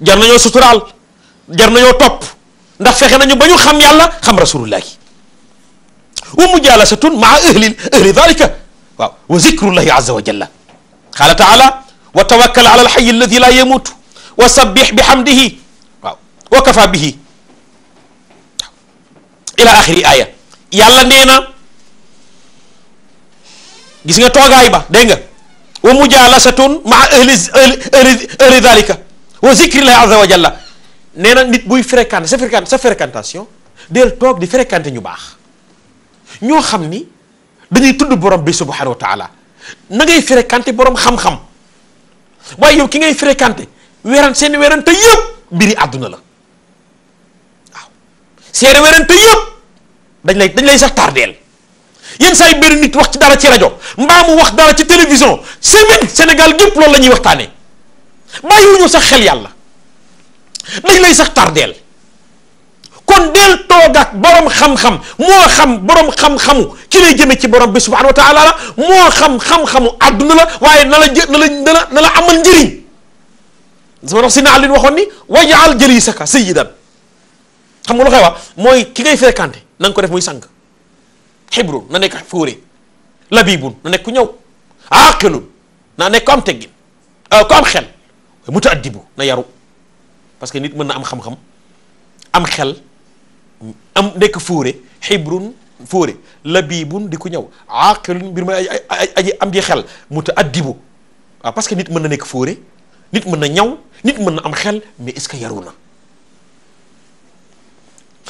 jar nañoo suturaal jar nañoo topp ndax fexe nañu ba ñu xam yàlla xam rasulullahi wa mujalasatun maa ahli ahli dalika waaw wa zikrullahi azza wa jalla qaala taala wa tawakkal ala alxayi alladi laa yamuutu wa sabbix bi xamdihi waaw wa kafa bihi ila axiri aya yàlla nee na gis nga toogaay ba dégg nga wa mujalasatun maa ahli ahli ahli dalika wa zikrullahi azza wa jalla nee na nit buy fréquente sa fréquente sa fréquentation del toog di fréquente ñu baax ñoo xam ni dañuy tudd borom bi subhanahu wa taala na ngay fréquente borom xam-xam waaye yow ki ngay fréquente weran seen werante yëpp mbiri àdduna la waaw seen werante yëpp dañ lay dañ lay sax tardeel yenn saa yu benn nit wax ci dara ci rajo mbaamu wax dara ci télévision semaine Sénégal gépp loolu la ñuy waxtaanee bàyyiwuñu sax xel yàlla dañ lay sax tardeel kon del toog ak borom xam-xam moo xam borom xam-xamu ci lay jëme ci borom bi subhanahu wa la moo xam xam-xamu àdduna waaye na la jë na la na la na la amal njëriñ si na àllin waxoon ni wajaal jëlisaka sayyidan xam nga lu mooy ki ngay fréquenté na ko def muy sang xibrun na nekk fóore labibun na nekk ku ñëw aqilun na nekk ko am teggin euh, ko am xel mutaaddibu na yaru parce que nit mën na am xam-xam am xel am nekk fóore xibrun fóore labibun di ku ñëw aqilun mbir ma am ji xel muta addibu waaw ah, parce que nit mën na nekk fóore nit mën na ñaw nit mën na am xel mais est-ce que yaru na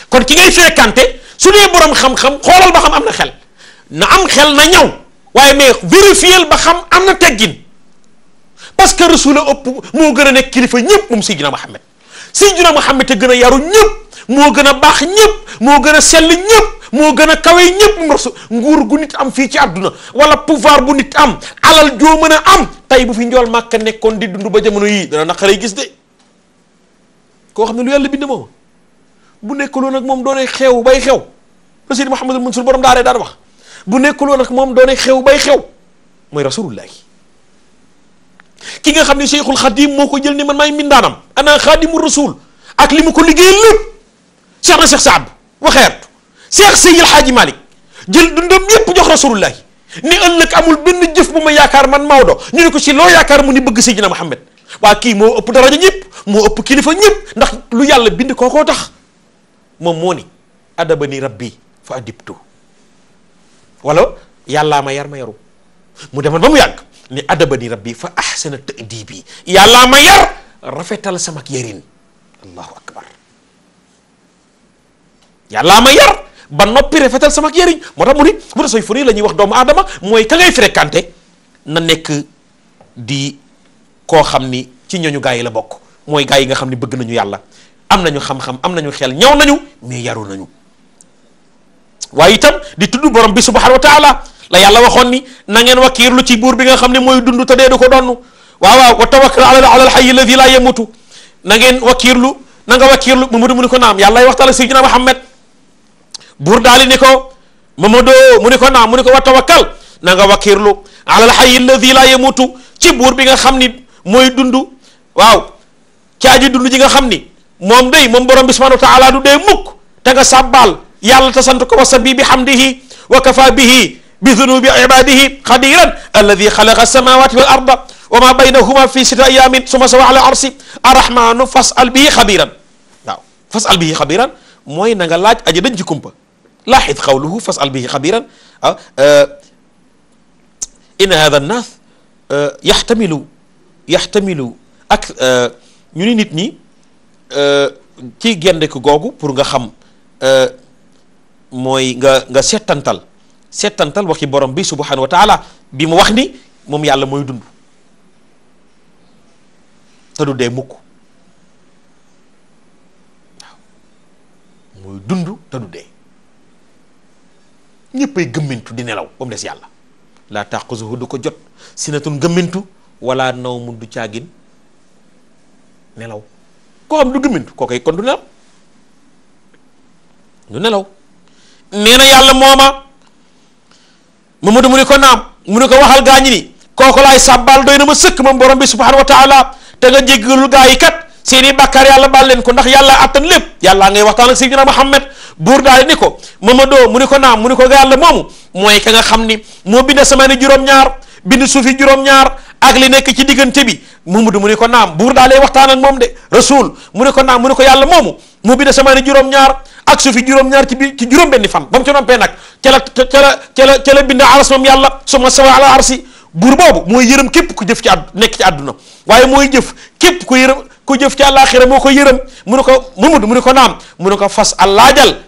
kon ki ngay fréquenté su dee borom xam-xam xoolal ba xam am na xel na am xel na ñaw waaye mais vérifier ba xam am na teggin parce que rasul a ëpp moo gën a nekk kilifa ñëpp moom Seydina Muhammad ma Seydina Muhammad te gën a yaru ñëpp moo gën a baax ñëpp moo gën a sell ñëpp moo gën a kawe ñëpp rasul nguur gu nit am fii ci àdduna wala pouvoir bu nit am alal joo mën a am tey bu fi njool màkka nekkoon di dund ba jamono yii dana naqaree gis de koo xam ne lu yàlla bind moom bu nekkuloo nag moom doonay xew bay xew Seydina Muhammad Mansour borom daaree daan wax bu nekkuloo nag moom doonay xew bay xew mooy rasulullah ki nga xam ne Cheikhul Khadim moo ko jël ni man maay mbindaanam ana Khadimu Rasul ak li mu ko liggéey lépp Cheikh na Cheikh Saad bu waxeertu Cheikh Seydil Hadji Malick jël dundam yépp jox rasulullahi ni ëllëg amul benn jëf bu ma yaakaar man Maodo ñu ne ko si loo yaakaar mu ni bëgg Seydina Muhammad waa kii moo ëpp daraja ñëpp moo ëpp kilifa ñëpp ndax lu yàlla bind kookoo tax moom moo ni adabani rabbi fa adibtu wala yàllaa ma yar ma yaru mu demoon ba mu yàgg ni adabani rabbi fa ahsana ta'dibi yàllaa ma yar rafetal samak yarin allahu akbar yàllaa ma yar ba noppi rafetal samak yarin moo tax mu ni mu ne sooy furi la ñuy wax doomu aadama mooy ka ngay fréquenté na nekk di koo xam ni ci ñooñu gaa yi la bokk mooy gaa yi nga xam ni bëgg nañu yàlla am nañu xam-xam am nañu xel ñëw nañu mais yaru nañu waaye itam di tudd borom bi subhanahu wa la yàlla waxoon ni na ngeen wakiirlu ci buur bi nga xam ne mooy dund te dee du ko donn waaw waaw wa tawakkal ala ala alxayi alladi laa yamutu na ngeen wakiirlu na nga wakiirlu Mamadou mu ni ko naam yàlla waxtaan ak Seydina Muhammad buur daali ni ko Mamadou mu ni ko naam mu ni ko wa tawakkal na nga wakiirlu ala alxayi alladi laa yamutu ci buur bi nga xam ni mooy dund waaw ci aji dund ji nga xam ni moom day moom borom bi subhanahu wa taala du dee mukk te nga sàbbaal yàlla te sant ko wa sabbi bi hamdihi wa bihi bi dunubi ibadihi xadiran alladi xalaqa alsamawati wal arda wa ma baynahuma fi sittati ayamin summa sawa ala arsi arrahmanu fasal bihi xabiran waaw fasal bihi xabiran mooy na nga laaj aji dañ ci kumpa laaxid xawluhu fasal bihi xabiran ah in hada annaas yaxtamilu yaxtamilu ak ñu ni nit ñi ci gendeku googu pour nga xam mooy nga nga seetantal seetantal waxi borom bi subhanahu wa taala bi ma wax ni moom yàlla mooy dund te du dee mukk mooy dund te dee ñëppay gëmmintu di nelaw ba des yàlla laa taqusuhu du ko jot sinatun gëmmintu wala naw mu du caagin nelaw koo xam du gëmmintu koo koy kon du nelaw du nelaw nee na yàlla mooma Mamadou mu ne ko naam mu ne ko waxal gaañi ni kooku laay sàbbaal doy na ma sëkk moom borom bi subhanahu wa taala te nga jéggalul gaa yi kat seeni bàkkaar yàlla baal leen ko ndax yàlla attan lépp yàllaa ngay waxtaan ak Seydina Muhammad buur daal ni ko Mamadou mu ne ko naam mu ne ko yàlla moomu mooy ka nga xam ni moo bind samaani juróom-ñaar bind suufi juróom-ñaar ak li nekk ci diggante bi mu mu mu ne ko naam buur daal lay waxtaan ak moom de rasul mu ne ko naam mu ne ko yàlla moomu moo bind samaani juróom-ñaar ak fi juróom-ñaar ci bi ci juróom-benni fan ba mu ca noppee nag ca la ca la ca bind aras moom yàlla suma sawa ala arsi buur boobu mooy yërëm képp ku jëf ci àdd nekk ci àdduna waaye mooy jëf képp ku yërëm ku jëf ci àllaaxira moo ko yërëm mu ne ko mamud mu ne ko naam mu ne ko fas àllaajal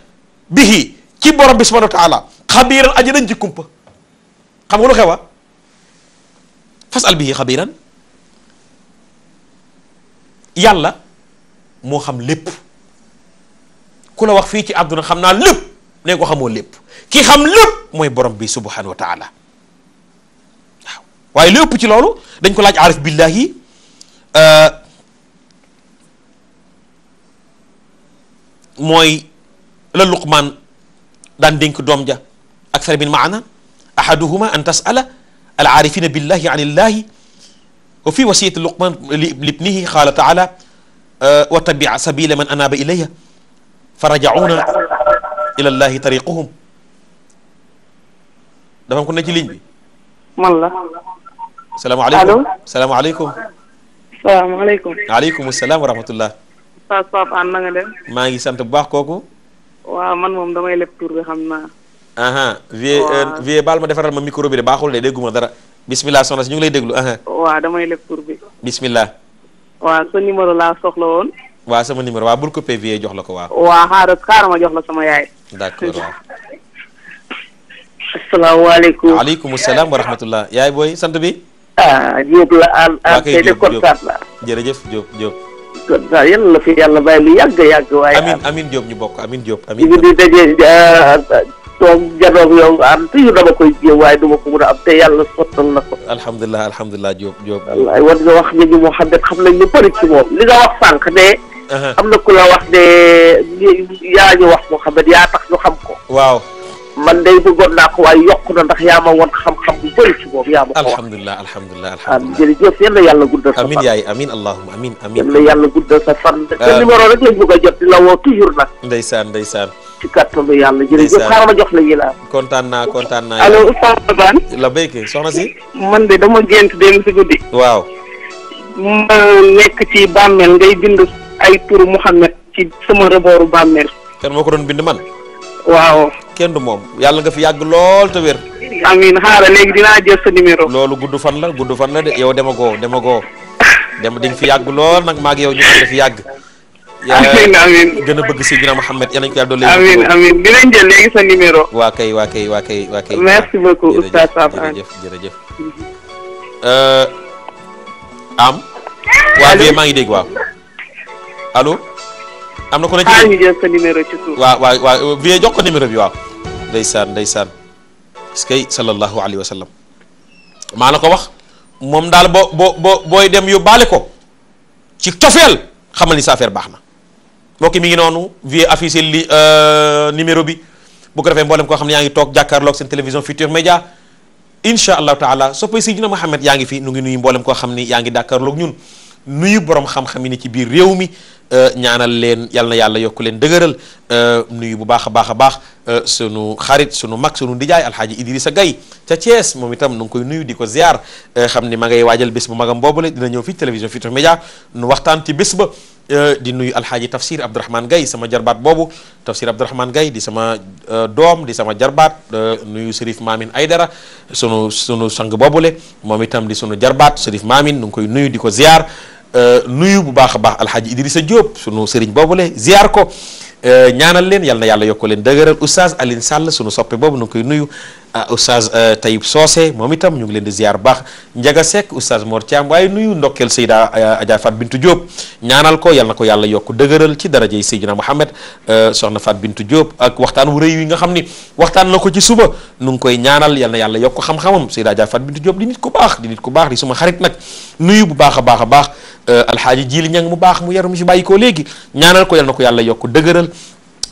bihi ci borom bi subhanahu wa taala xabiiran aji dañ ci kumpa nga lu xewa fas al bihi xabiiran yàlla moo xam lépp ku la wax fii ci àdduna xam naa lépp ne ko xamoo lépp ki xam lépp mooy borom bi subhanahu wa taala waaw waaye li ëpp ci loolu dañ ko laaj aarif billahi euh, mooy la luqmaan daan dénk doom ja akthar min maana ahaduhuma an tasala al aarifina billahi an illahi wa fi wasiyati luqman libnihi qaala taala euh, wa tabia sabila man anaba ilayya fa rajauna ila llahi tariquhum dafa am ku ne ci ligne bi. man la. salaamaaleykum salaamaaleykum. salaamaaleykum. waaleykum salaam wa rahmatullah. Oustaz Pape na nga maa ngi sant bu baax kooku. waaw man moom damay lépp tur bi xam naa. aha vie euh, vie baal ma defaral ma micro de baaxul de dégguma dara bismillah soxna si ñu ngi lay déglu. waaw damay lépp tur bi. bismillah. waaw sa numéro laa soxla woon. waa sama numéro waa bul coupé vie jox la ko waa. waa xaaral xaaral ma jox la sama yaay. d'accord waaw. asalaamaaleykum waaleykum salaam wa rahmatullah yaay booy sant bi. ah Diop la ànd. waa kay Diop Diop la jërëjëf Diop Diop. kontaan yàlla la fi yàlla bàyyi lu yàgg yàgg. waaye amin amin Diop ñu bokk amin Diop. amin Diop di dajee ah, toog janoog yow am toujours dama koy jéem waaye du ma ko mun a am te yàlla sottal na ko. alhamdulilah alhamdulilah Diop Diop. wallaay war nga wax ñu ñu Mouhamed xam nañ lu bëri ci moom li nga wax sànq ne. Uh-huh. am na ku la wax ne yaa ñu wax Mouhamed yaa tax ñu xam ko. waaw. man day bëggoon naa ko waaye yokk na ndax yaa ma woon xam-xam bu bëri ci boobu yaa ma ko wax alhamdulilah alhamdulilah alhamdulilah jërëjëf yal na yàlla guddal sa fan amin yaay amin allahuma amin amin yal na yàlla guddal sa fan te numéro rek lañ bëgg a jot di la woo toujours nag ndeysaan ndeysaan ci kattanu yàlla jërëjëf xaaral ma jox la yi laa kontaan naa kontaan naa allo oustaz Babane la béyke soxna si man de dama gént démb si guddi waaw ay turu Mouhamed ci sama rebooru bàmmeel. kenn moo ko doon bind man. waaw. kenn du moom yàlla nga fi yàgg lool te wér. amiin xaaral léegi dinaa jël loolu gudd fan la gudd fan la yow demagoo demagoo dem di nga fi yàgg lool nag maa ngi yow ñu ngi fi yàgg. amiin yaa gën a bëgg Seydina Mouhamed yal nañu ko yàlla doole. amiin amiin dinañ jël léegi sa numéro. waa kay waa kay waa kay merci beaucoup oustaz Pape mhm. euh, am. waa bee maa ngi dégg waaw. allo. am na ko la ci xaar ñu jël sa numéro ci suuf. waaw waaw waaw euh, vieux jox ko numéro bi waaw. ndeysaan ndeysaan. est-ce que sallallahu alayhi wa sallam. maa la ko wax moom daal boo boo boo booy dem yóbbaale ko ci cofeel xamal ni sa affaire baax na mbokk mi ngi noonu vieux affiché li euh, numéro bi bu ko defee mboolem koo xam ne yaa ngi toog jàkkaarloog seen télévision Futur Média incha allahu taala soppay Seydina Mohamed yaa ngi fi nu ngi nuyu mboolem koo xam ni yaa ngi jàkkaarloog ñun. nuyu borom xam-xam ni ne ci biir réew mi euh, ñaanal leen yal yàlla yokk leen dëgëral euh, nuyu bu baax a baax a baax euh, sunu xarit sunu mag sunu ndijaay alxaaji Idrissa gay ca Thiès moom itam nu ngi koy nuyu di ko ziar xam ni ma ngay waajal bés bu magam le dina ñëw fii télévision Futurs Médias nu waxtaan ci bés ba di nuyu alxaaji Tafsir Abdourahmane gay sama jarbaat boobu Tafsir Abdourahmane Gaye di sama doom di sama jarbaat nuyu Serif Maamin Aydara sunu sunu sang boobule moom itam di sunu jarbaat Serif Maamin nu ngi koy nuyu di ko ziar Euh, nuyu bu baax a baax alxaaji Idrissa Diop sunu sëriñ boobule ziar ko euh, ñaanal leen yal na yàlla yokk leen dëgëral oustaz Alioune Sall sunu soppe boobu nu ngi koy nuyu ah oustaz eh, Tayib Socé moom itam ñu ngi leen di ziar baax Ndiaga Seck oustaz Mor Thiam waaye nuyu ndokkeel Seyda eh, Adja Fat Bintou Diop ñaanal ko yal na ko yàlla yokk dëgëral ci darajey Seydina Mohamed eh, soxna Fat Bintou Diop ak waxtaan wu rëy yi nga xam ni waxtaan na ko ci suba nu ngi koy ñaanal yal na yàlla yokk xam-xamam Seyda Adja Fat Bintou Diop di nit ku baax di nit ku baax di suma xarit nag nuyu bu baax a baax a baax alxaaji Jiili Ñang mu baax mu yarum si bàyyi ko léegi ñaanal ko yal ko yàlla yokk dëgëral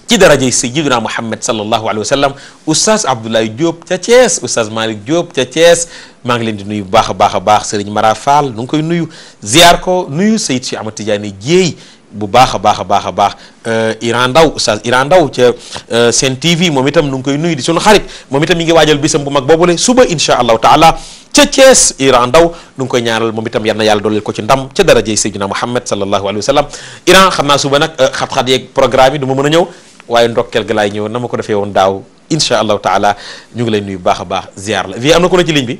ci darajay sayyidina Muhammad sallallahu alayhi wa sallam oustaz Abdoulaye Diop ca Thiès oustaz Malick Diop ca Thiès maa ngi leen di nuyu bu baax a baax a baax Serigne Mara Fall nu ngi koy nuyu ziar ko nuyu Seydi Cheikh Ahmad Tidiane Dieye bu baax a baax a baax a baax euh, Iran Ndaw oustaz Iran Ndaw ca euh, Sen TV moom itam nu ngi koy nuyu di sunu xarit moom itam ñu ngi waajal bisam bu mag boobule suba incha allahu taala ca Thiès Iran Ndaw nu ngi koy ñaanal moom itam yal na yàlla dooleel ko ci ndam ca darajay sayyidina Muhammad sallallahu alayhi wa sallam Iran xam naa suba nag euh, xat-xat yeeg programme yi du ma mën a ñëw waaye ndokkeel ga laay ñëw na ma ko defee woon daaw incha allahu taala ñu ngi lay nuyu baax a baax ziar la vie am na ko ne ci ligne bi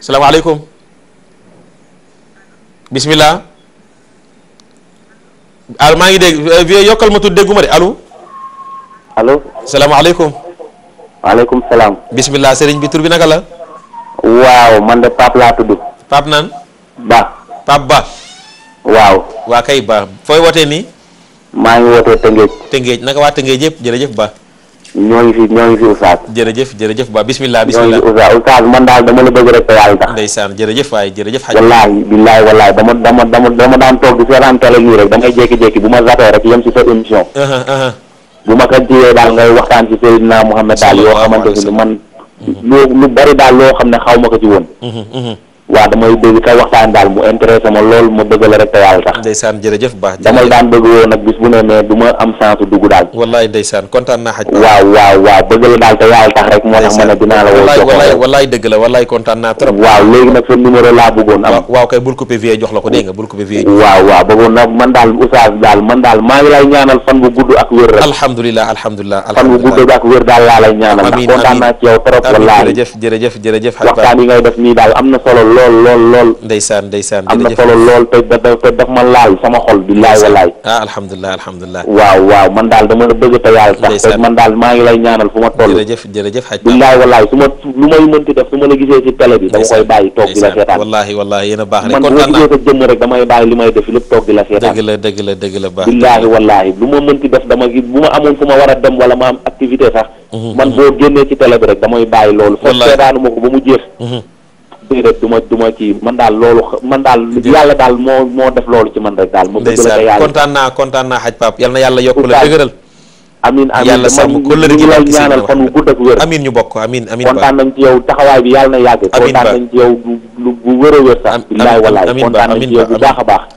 salaamaaleykum bismillah al maa ngi dégg euh, vie yokkal ma tudd dégguma de allo. allo salaamaaleykum. waaleykum salaam. bismillah sëriñ bi tur bi naka la. waaw man de Pape laa tudd. Pape naan. Ba. Pape Ba. waaw. waa kay Ba fooy wootee nii. maa ngi wootee Tëngéej. Tëngéej naka waa Tëngéej yëpp jërëjëf Ba. ñoo ngi fi ñoo ngi fi Oustaz. jërëjëf jërëjëf Ba bismillah bismillah ñoo ngi fi Oustaz man daal dama la bëgg rek te yàlla tax. ndeysaan jërëjëf waaye jërëjëf. xaj wallaahi billaahi wallaahi dama dama dama dama daan toog di seetaan télé nii rek damay jékki-jékki bu ma zappee rek yem si sa émission. Uh-huh, uh-huh. bu ma ko jiyee daal ngay waxtaan si Seydina Mouhamed daal yoo xamante ni man. Mm-hmm. lu lu bari daal loo xam ne xaw ma ko ci woon mm-hmm, mm-hmm. waaw damay dégg sa waxtaan daal mu intéressé ma lool ma bëgg la rek te yàlla tax. ndeysaan jërëjëf baax dama daan bëgg woo nag bis bu ne mais du ma am chance dugg daal. wallaay ndeysaan kontaan naa xaj. waaw waaw waaw bëgg la daal te yàlla tax rek. moo tax ma ne dinaa la woo jox wallaay wallaay dëgg la wallaay kontaan naa trop. waaw léegi nag sa numéro laa bëggoon am. waaw kay bul coupé vie jox la ko dégg nga bul coupé vie. waaw waaw bëggoon nag man daal oustaz daal man daal maa ngi lay ñaanal fan bu gudd ak wér rek. alhamdulilah alhamdulilah fan bu gudd ak wér daal laa lay ñaanal. amiin amiin ndax kontaan naa ci yow trop wallaay jërëjëf jërëjëf jërëjëf waxtaan yi ngay def nii daal am na solo lool lool lool. ndeysaan ndeysaan am na solo lool te da te daf ma laal sama xol bi laay walaay. ah alhamdulilah alhamdulilah. waaw waaw man daal dama la bëgg te yàlla tax te man daal maa ngi lay ñaanal fu ma toll. jërëjëf jërëjëf xaj bi laay walaay su ma lu may mënti def su ma la gisee si télé bi. dama koy bàyyi toog di la seetaan wallaahi wallaahi yéen a baax rek kontaan naa man bu ma gisee sa jëmm rek damay bàyyi li may def lépp toog di la seetaan. dëgg la dëgg la dëgg la baax billaahi wallaahi lu ma mënti def dama gi bu ma amoon fu ma war a dem wala ma am activité sax mhm, man mhm. boo génnee ci télé bi rek damay bàyyi loolu fekk seetaanuma ko ba mu jeex mhm. déedéet du ma ma ci man daal loolu man daal yàlla daal moo moo def loolu ci man rek daal ma bëgg la ko yàlla kontaan naa kontaan naa xaj pap yal na yàlla yokk la dëgëral amin amin yàlla sàmm ko lëri gi la ñaanal fan wu gudd ak wér amin ñu bokk amin amin kontaan nañ ci yow taxawaay bi yàlla na yàgg a a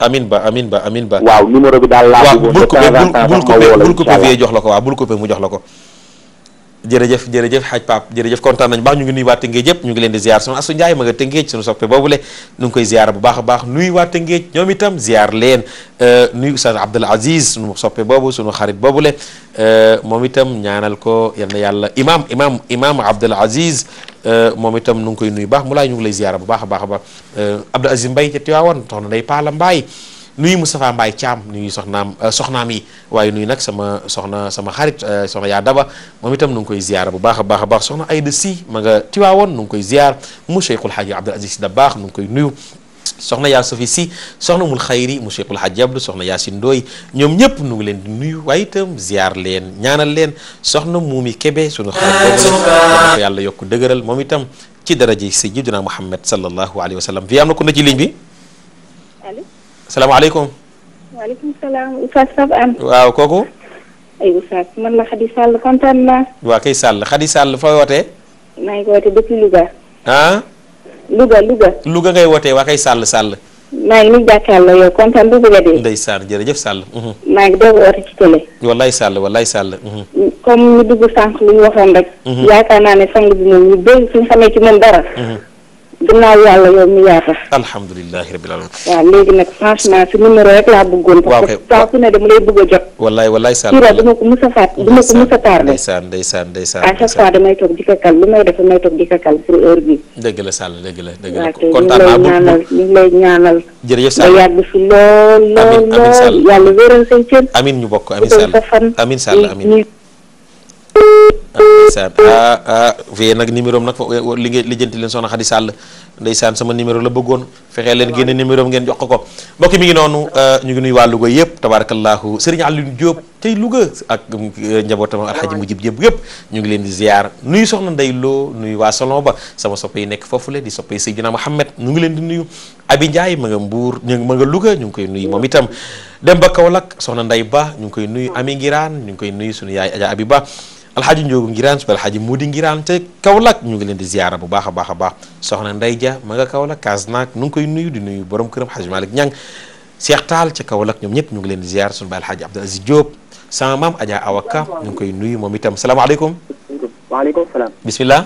amin ba amin ba amin ba waaw numéro bi daal laa waaw bul coupé bul coupé bul jox la ko waaw bul coupé mu jox la ko jërëjëf jërëjëf xaj Pape jërëjëf kontaan nañu baax ñu ngi nuyu waa Tëngéej yëpp ñu ngi leen di ziar sunu asu Njaay ma nga Tëngéej sunu soppe boobule nu ngi koy ziar bu baax a baax nuyu waa Tëngéej ñoom itam ziar leen euh, nuyu Oustaz Abdul Aziz sunu soppe boobu sunu xarit boobule euh, moom itam ñaanal ko yal na yàlla imam imam imam Abdul Aziz euh, moom itam nu ngi koy nuyu baax mu laay ñu ngi lay ziar bu baax a baax a baax Abdul Aziz Mbaye ca Tiwaawan soxna Paala Mbaye nuyu Moustapha Mbaye Thiam nuyu soxnaam euh, soxnaam yi waaye nuyu nag sama soxna sama xarit euh, soxna yaa daba moom itam nu ngi koy ziar bu baax a baax a baax soxna Ayda Si ma nga tiwaawoon nu ngi koy ziar mu Cheikhul Hadji Abdoul Aziz Dabakh nu ngi koy nuyu soxna yaa Sofi si soxna mul xayri mu Cheikhul Hadji Abdou soxna Yaasin Ndooy ñoom ñëpp nu ngi leen di nuyu waaye itam ziar leen ñaanal leen soxna Muumi Kebe sunu xarit boobu yàlla yokk dëgëral moom itam ci daraje Sayyidina Muhammad sallallahu alayhi wa sallam fii am na ku na ci ligne bi salaamaaleykum. waaleykum salaam Oustaz Pape An. waaw kooku. ay Oustaz man la Khady Sall kontaan naa. waaw kay Sall Khady Sall fooy wootee. maa ngi wootee depuis Louga. ah. Louga Louga. Louga ngay wootee waa kay Sall Sall. maa ngi nuyu jàkkaarloo yow kontaan bu bëgg a dee. ndeysaan jërëjëf Sall. Mhm. maa ngi doog woote ci télé. wallaay Sall wallaay Sall. Mhm. comme ñu dugg sànq lu ñu waxoon rek. Mhm. yaakaar naa ne sang bi moom ñu bëri suñ xamee ci moom dara. ginnaaw yàlla yow mi yaata. alhamdulilah rabbil alamin. waaw léegi nag franchement si numéro rek laa bëggoon. waaw kay parce que saa su ne dama lay bëgg a jot. wallaay wallaay Sall. kii dama ko mus a faat a tardé. ndeysaan ndeysaan damay toog di kakal lu may def damay toog di kakal sur heure bi. dëgg la Sall dëgg la dëgg la kontaan naa bu waaw kay ñu ngi lay ñaanal ñu lay ñaanal. jërëjëf Sall nga yàgg fi lool. lool yàlla wéral say cër. amiin ñu bokk amiin Sall amiin ndeysaan ah ah nag numéro am nag fa eh, li ngeen lijjanti leen soxna Xadi Sàll ndeysaan sama numéro la bëggoon fexee leen génne numéro am ngeen jox ko ko mbokk mi ngi noonu eh, ñu ngi nuy waa Louga yëpp tabarakallahu Serigne Alioune Diop tey Louga ak eh, njabootam alxaji Mujib Diop yëpp ñu ngi leen di ziar nuyu soxna Ndey Loo nuyu waa salon ba sama soppe yi nekk foofu le di soppe Seydina Mohamed mu ngi leen di nuyu Abi Ndiaye ma nga Mbuur ñu ma nga luga ñu ngi koy nuyu moom itam dem ba Kaolack soxna Ndey Ba ñu ngi koy nuyu Ami Ngiraan ñu ngi koy nuyu suñu yaay Aja Abi Ba alxaaji Njoogu Ngiraan suba alxaaji Mudi di te Kaolack ñu ngi leen di ziyaara bu baax a baax a baax soxna Ndey Ja ma nga Kaolack Kasnack nu koy nuyu di nuyu borom këram xaaji Malik Ñang Seex Taal ca Kaolack ñoom ñëpp ñu ngi leen di ziyaara sunu baay alxaaji Abdou Aziz Diop sama maam Adja Awaka ñu ngi koy nuyu moom itam salaamaaleykum waaleykum salaam bismillah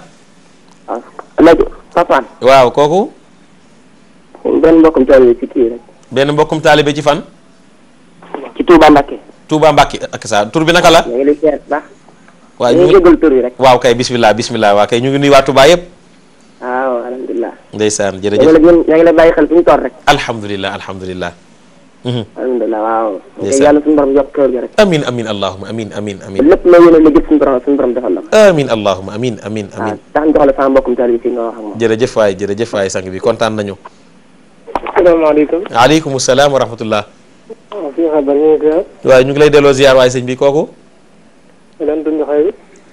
ah, alaaji Papaan kooku benn mbokkum taalibe ci kii rek bi naka la waaw ñu kay bismillah bismillah waaw kay ñu ngi nuyu waa Touba yëpp waaw alhamdulilah ndeysaan jërëjëf yaa ngi mhm. gi rek amin amin allahuma amin amin amin lépp loo yéene la amin allahuma amin amin amin tax ñu jox la sama mbokkum taalibe fi nga wax ak moom jërëjëf bi kontaan nañu asalaamaaleykum aleykum salaam wa rahmatullah ñu ngi lay delloo bi kooku xëy.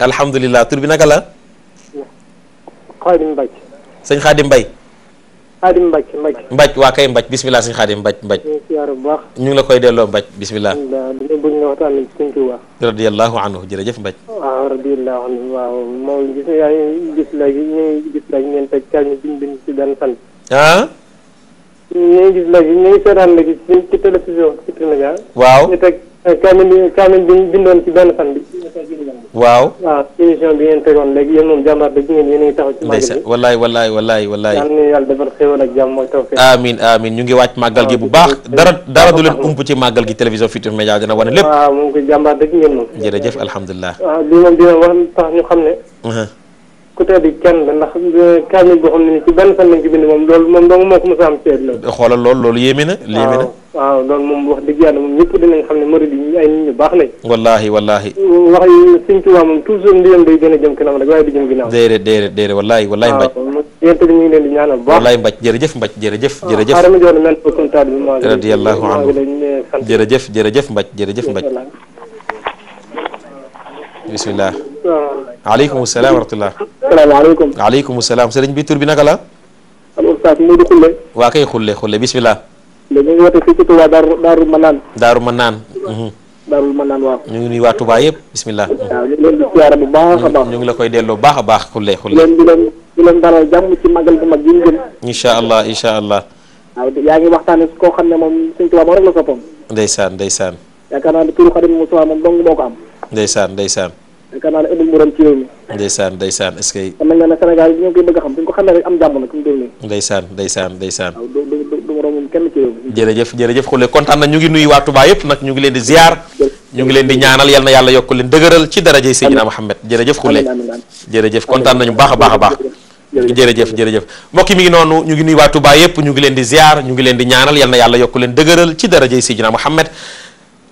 alhamdulilah tur bi naka la. Xaadim Mbaj. sëñ Xaadim Mbaj. Xaadim Mbaj Mbaj. Mbaj waa kay Mbaj bisimilah sëñ Xaadim Mbaj Mbaj. ñu ngi siyaar bu baax. ñu ngi la koy delloo Mbaj bisimilah. alhamdulilah bu ñu la waxtaanee ci sëñ Tuubaa. radiyallahu anhu jërëjëf Mbaj. waaw ah, radiyallahu anhu waaw moom gis nga yaa ngi gis léegi ñu ngi gis léegi ñu ngi teg kañ biñ biñ si benn fan. ah. ñu ngi gis léegi ñu ngi seetaan léegi ci télévision ci télémédia. waaw ñu teg. Eh, kaamil kaamil bi ñu bindoon ci benn fan bi. waaw waaw émission bi ngeen tegoon léegi yéen moom jàmbaar dëgg ngeen yéen a ngi taxaw ci. ndeysaan wallaay wallaay wallaay wallaay. yàlla na yàlla defal xéwal ak jàmm ak tawfeex. amiin amiin ñu ngi wàcc màggal gi bu baax. dara dara du leen ump ci màggal gi télévision Futurs Médias dina wane lépp. waaw mu ngi ko jàmbaar dëgg ngeen moom. jërëjëf alhamdulilah. waaw lii moom dina wax tax ñu xam ne. Uh-huh. ku tedd kenn la ndax kaamil boo xam ne ci benn fan lañ ci bind moom loolu moom dong moo ko mos a am ci la xoolal loolu loolu yéeme na yéeme na waaw loolu moom wax dëgg yàlla moom ñëpp dinañ xam ne murid yi ay nit ñu baax lañ wallaahi wax yi Sëñ Tuubaa moom toujours mbiram gën a jëm kanam rek waaye du jëm ginnaaw déedéet déedéet déedéet wallaahi wallaahi mbaj leen di ñaanal bu baax wallaahi mbaj jërëjëf mbaj jërëjëf jërëjëf xaaral ma jox la mel kontaan bi radiyallaahu anhu jërëjëf jërëjëf mbaj jërëjëf mbaj bisimilah. waaleykum salaam wa rahmatulah. salaamaaleykum. waaleykum salaam sëriñ bi tur bi naka la. al oustaz Modou Khoule. waa kay Khoule Khoule bisimilah. léegi ñu ngi woote fii ci Touba Darou Darou Manane. Darou Manane. Darou mhm. Manane waaw. ñu ngi nuyu waa Touba yëpp bisimilah. waaw ñu ngi leen di siyaara bu baax a baax. ñu ngi la koy delloo baax a baax Khoule Khoule. leen di leen di leen dalal jàmm ci magal bu mag bi ñu jëm. incha allah incha allah. waaw yaa ngi waxtaanee koo xam ne moom Sëriñ Touba moo rek la soppam. ndeysaan ndeysaan. yaakaar naa ne turu Xadim Moussa moom dong moo ko am. ndeysaan ndeysaan. yaakaar naa ne amul moroom ci réew mi que kon nag nee na Sénégal yi ñoo ngi koy a xam bu ko xamee jërëjëf jërëjëf xule kontaan na ñu ngi nuyu waa Touba yëpp nag ñu ngi leen di ziar ñu ngi leen di ñaanal yal yàlla yokk leen dëgëral ci darajey Seydina Muhammad jërëjëf xule jërëjëf kontaan nañu baax a baax a baax jërëjëf jërëjëf mbokki mi ngi noonu ñu ngi nuyu waa Touba yëpp ñu ngi leen di ziar ñu ngi leen di ñaanal yal na yàlla yokk leen dëgëral ci darajey Seydina Muhammad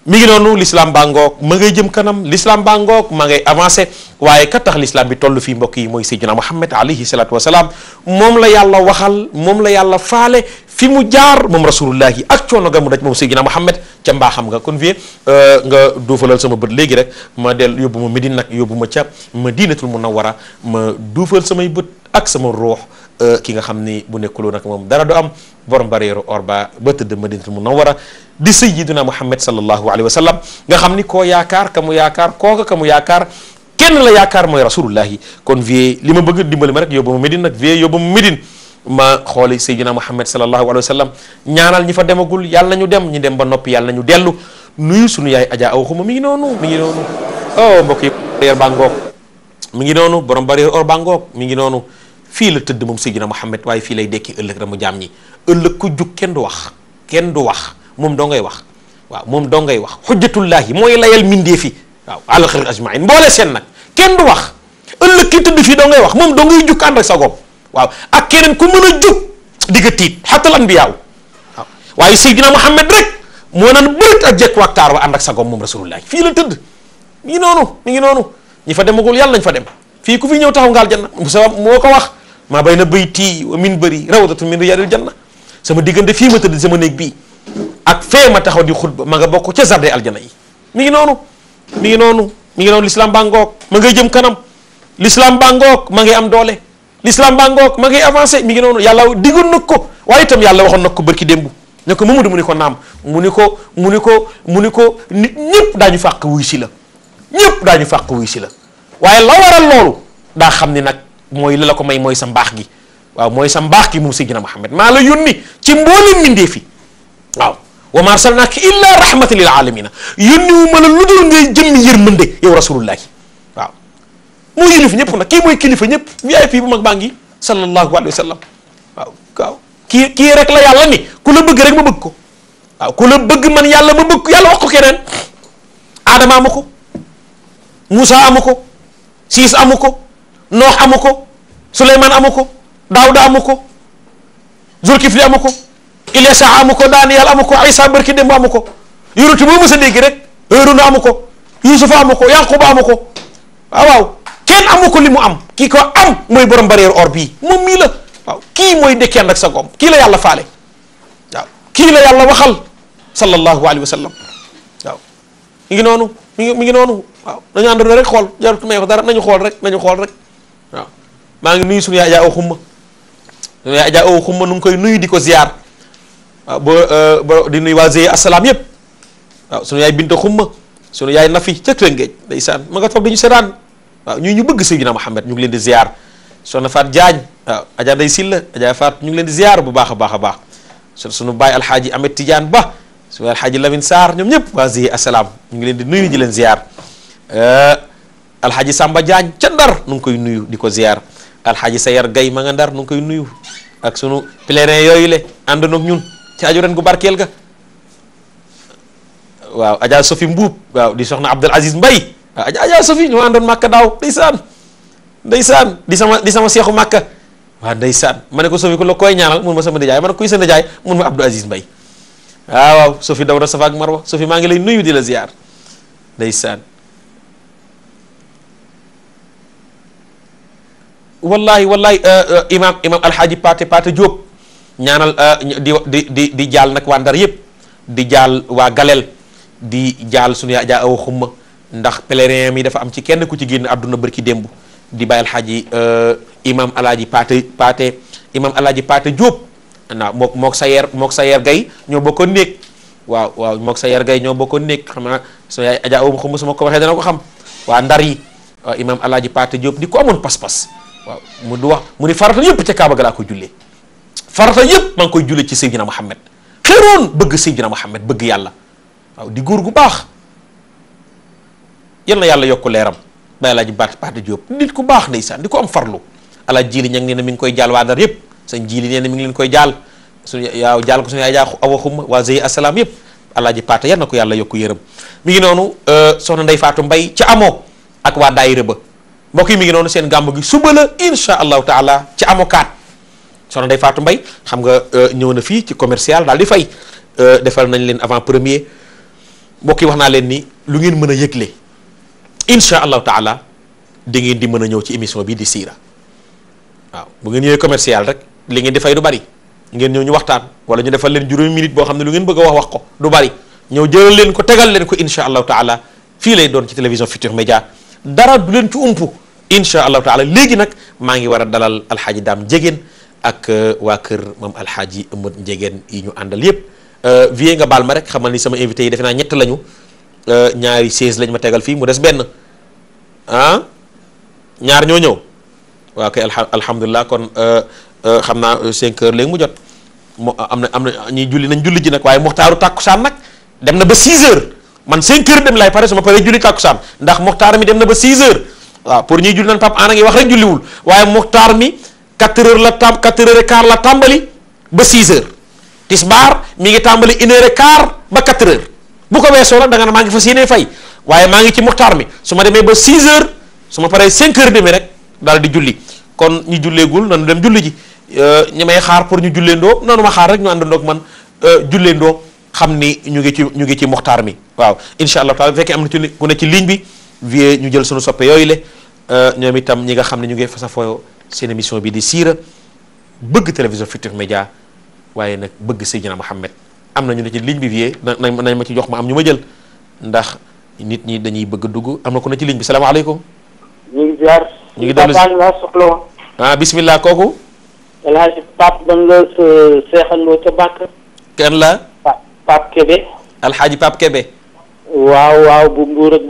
mi ngi noonu lislaam baa ngoog ma ngay jëm kanam lislaam baa ngoog ma ngay avancé waaye kat tax l'islam bi toll fii mbokk yi mooy sayyidina Muhammad alayhi salatu wasalaam moom la yàlla waxal moom la yàlla faale fi mu jaar moom rasulullahi ak coono ga mu daj moom sayyidina Muhammad ca mbaa xam nga kon vie euh, nga duufalal sama bët léegi rek ma del yóbbu ma Medine nag yóbbu ma ca Madinatul Munawwara ma duufal samay bët ak sama ruux Euh, ki nga xam ni bu nekkuloon ak moom dara du am borom bareeru or ba ba tëdd madinatul munawara di sayyidina wa sallam nga xam ni koo yaakaar ka mu yaakaar kooka mu la yaakaar mooy rasulullahi kon vie li ma bëgg dimbali ma rek yóbbu ma Médine nag vie yóbbu ma Médine ma xooli sayyidina muhammad sallallahu alayhi wa sallam ñaanal ñi fa demagul yàlla ñu dem ñi dem ba noppi yaay Adja aw xuma mi ngi noonu mi ngi noonu oh mbokk yi. bareer baa ngoog mi ngi noonu borom bareer or baa ngoog mi ngi noonu fii la tëdd moom Seydina Muhammad waaye fii lay dekki ëllëg ra mu jaam ñi ëllëg ku jug kenn du wax kenn du wax moom doo ngay wax waaw moom doo ngay wax xujjatullahi mooy layal mindee fi waaw ala xalq ajmain mboole seen nag kenn du wax ëllëg ki tëdd fii doo ngay wax moom doo ngay jukk ànd ak sa waaw ak keneen ku mën a jug di nga tiit xatal anbiyaa waaw waaye Seydina Muhammad rek moo naan bërët ak jekk waktaar wa ànd ak sa goom moom rasulullahi fii la tëdd mi ngi noonu mi ngi noonu ñi fa demagul yàlla nañ fa dem fii ku fi ñëw taxaw ngaal janna Musaa moo ko wax maa bay na bayti wa minbari rawdatun min riyaadil janna sama diggante fii ma tëdd sama ak fee ma taxaw di xutba ma nga bokk ca jardin aljana yi mi ngi noonu mi noonu mi ngi noonu l'islam baa ngoog ma ngay jëm kanam l'islam baa ngoog ma ngay am doole l'islam baa ngoog ma ngay avancé mi ngi noonu yàlla diggoon na ko waaye itam yàlla waxoon na ko barki démb ne ko Mamadou mu ni ko naam mu ni ko mu ni ko mu ni ko nit ñëpp daañu fàq wuy si la ñëpp daañu fàq wuy si la waaye la waral loolu daa xam ni nag mooy la ko may mooy sa mbaax gi waaw mooy sa mbaax gi moom Seydina Muhammad maa la yónni ci mboolem mbindeef yi waaw wa ma arsalnaaka illa rahmatan lil alamina yónni wu ma la lu dul ngay jëmmi yërmande yow rasulullahi waaw moo yilif ñëpp nag kii mooy kilifa ñëpp VIP bu mag baa ngi sallallahu alayhi wa sallam waaw waaw kii ku la ma ko waaw ku yàlla ma bëgg yàlla wax ko keneen Adama amu amu ko Siis amu ko noox amu ko suleymaan amu ko daawuda amu ko zulkifli amu ko ilesa amu ko daaniyal amu ko isa barki démb amu ko yurutu bu mës a dégg rek hëruna amu ko yusufa amu ko yaquba amu ko kenn amu ko li mu am kii ko am mooy borom barrière or bii moom la waaw kii mooy dëkkeen rek sa gom kii la yàlla faale waaw kii la yàlla waxal sallallahu alayhi wa sallam waaw mi ngi noonu mi ngi ngi noonu waaw dañu rek xool jarut may wax dara nañu xool rek nañu xool rek waaw maa ngi nuyu suñu yaay aw xumma suñu yaay jaa aw xumma nu ngi koy nuyu di ko ziar boo euh, ba di nuyu waa Zeye asalaam yëpp waaw suñu yaay Binta xumma suñu yaay Nafi ca day ndeysaan ma nga toog di ñu waaw ñuy ñu bëgg Seydina Muhammad ñu ngi leen di ziar soxna Faat Jaañ waaw Adja Ndey Silla Adja Faat ñu ngi leen di ziar bu baax a baax a baax suñu baay Alxaaji Amet Tidiane Ba suñu alxaaji Lamine saar ñoom ñëpp waa Zeye asalaam ñu ngi leen di nuyu di leen ziar euh, alxaaji Samba Jaañ ca Ndar nu ngi koy nuyu di ko ziyaar alxaaji Sayar Gay ma nga Ndar nu koy nuyu ak sunu pèlerin yooyu le ànd nag ñun ci aju ren gu barkeel ga waaw Adja Sofi Mbuub waaw di soxna Abdul Aziz Mbay waaw Sofi Màkka daaw ndeysaan ndeysaan di sama di sama seexu Màkka waaw ndeysaan ma ko Sofi ku la koy ñaanal mun sama nijaay ma ne kuy sa nijaay mun ma Abdul Aziz Mbay waaw waaw daw na Safa Marwa Sofi maa ngi lay nuyu di la ziyaar ndeysaan wallahi wallahi euh, euh, imam imam alhaaji Paate Paate Jóob ñaanal euh, di di jaal nag waa Ndar yëpp di jaal waa Galel di jaal su yaay Ajaa Awa Xumma ndax pèlerin mi dafa am ci kenn ku ci génn àdduna bërki démb di bàyyi alhaaji imam alhaaji Paate Paate imam alhaaji Paate Jóob naa mook mook sa yeer mook sa gay ñoo bokkoon néeg waaw waaw mook sa yeer gay ñoo bokkoon néeg xam naa suñu yaay Ajaa Awa Xumma su ko waxee dana ko xam waa Ndar yi imam alhaaji Paate Jóob di ko amoon pas-pas waaw mu du wax mu ni farata yëpp ca Kaaba ga laa koy jullee farata yëpp maa ngi koy julle ci Seydina Muhammad xeroon bëgg Seydina Muhammad bëgg yàlla waaw di góor gu baax yal na yàlla yokk leeram bàyyi laa ji baat baat Diop nit ku baax ndeysaan di ko am farlu ala jiili ña ngi ne mi ngi koy jaal waa Ndar yëpp sëñ jiili nee na mi ngi leen koy jaal suñu yaaw jaal ko suñu yaay jaaxu awa asalaam yëpp alaaji paata yal na ko yàlla yokku yërëm mi ngi noonu euh, soxna Ndey Faatu Mbay ca amoo ak waa daayira ba mbokk yi mi ngi noonu seen gàmb gi suba la incha allahu taala ci amokaat soxna day Fatou mbay xam nga euh, ñëw na fii ci commercial daal di fay euh, defal nañ leen avant premier mbokk yi wax naa leen ni lu ngeen mën a yëgle incha allahu taala di ngeen di mën a ñëw ci émission bi di siira waaw bu ngeen ñëwee commercial rek li ngeen di fay du bari ngeen ñëw ñu waxtaan wala ñu defal leen juróomi minute boo xam ne lu ngeen bëgg a wax wax ko du bari ñëw jëlal leen ko tegal leen ko incha allahu taala fii lay doon ci télévision Futur Média dara du leen ci umpu incha allahu taala léegi nag maa ngi war a dalal alxaaji daam jegéen ak uh, waa kër moom alxaaji ëmmat njegéen yi ñu àndal yépp uh, vie nga baal ma rek xamal ni sama invité yi defe naa ñett lañu uh, ñaari seize lañ ma tegal fii mu des benn ah ñaar ñoo ñëw waaw kay alhamdulilah kon xam naa cinq heures mu jot mo na am na nañ julli ji nag waaye muxtaaru tàkkusaan nag dem na ba six heures man 5 heures dem laay pare su ma paree julli tàkkusaan ndax moxtaar mi dem na ba 6 heures waaw pour ñuy julli naan Pape Ana ngi wax rek julliwul waaye moxtaar mi 4 heures la tam 4 heures et quart la tàmbali ba 6 heures tisbaar mi ngi tàmbali 1 heure et quart ba 4 heures bu ko weesoo nag da nga ne maa ngi fas yéenee fay waaye maa ngi ci moxtaar mi su ma demee ba 6 heures su ma paree 5 heures demee rek daal di julli kon ñi julleegul nanu dem julli ji euh, ñi may xaar pour ñu julleendoo nanu ma xaar rek ñu àndandoog man euh, julleendoo xam ni ñu ngi ci ñu ngi ci moxtaar mi waaw incha allah taala fekkee am na ci ku ne ci ligne bi vie ñu jël sunu soppe yooyu le euh, ñoom itam ñi nga xam ne ñu ngi fasafoo seen émission bi di siira bëgg télévision Futurs média waaye nag bëgg si Seydina Mohamed am na ñu ne ci ligne bi vie nañ ma ci jox ma am ñu ma jël ndax nit ñi dañuy bëgg dugg am na ku ne ci ligne bi salaamaaleykum. ñu ngi ziar. ñu ngi dellu ah, bismillah kooku. la seexaloo euh, ca Bakk. kenn la. Pape Kébé. Alxaaji Pape Kébé. waaw waaw bu Mbuur ak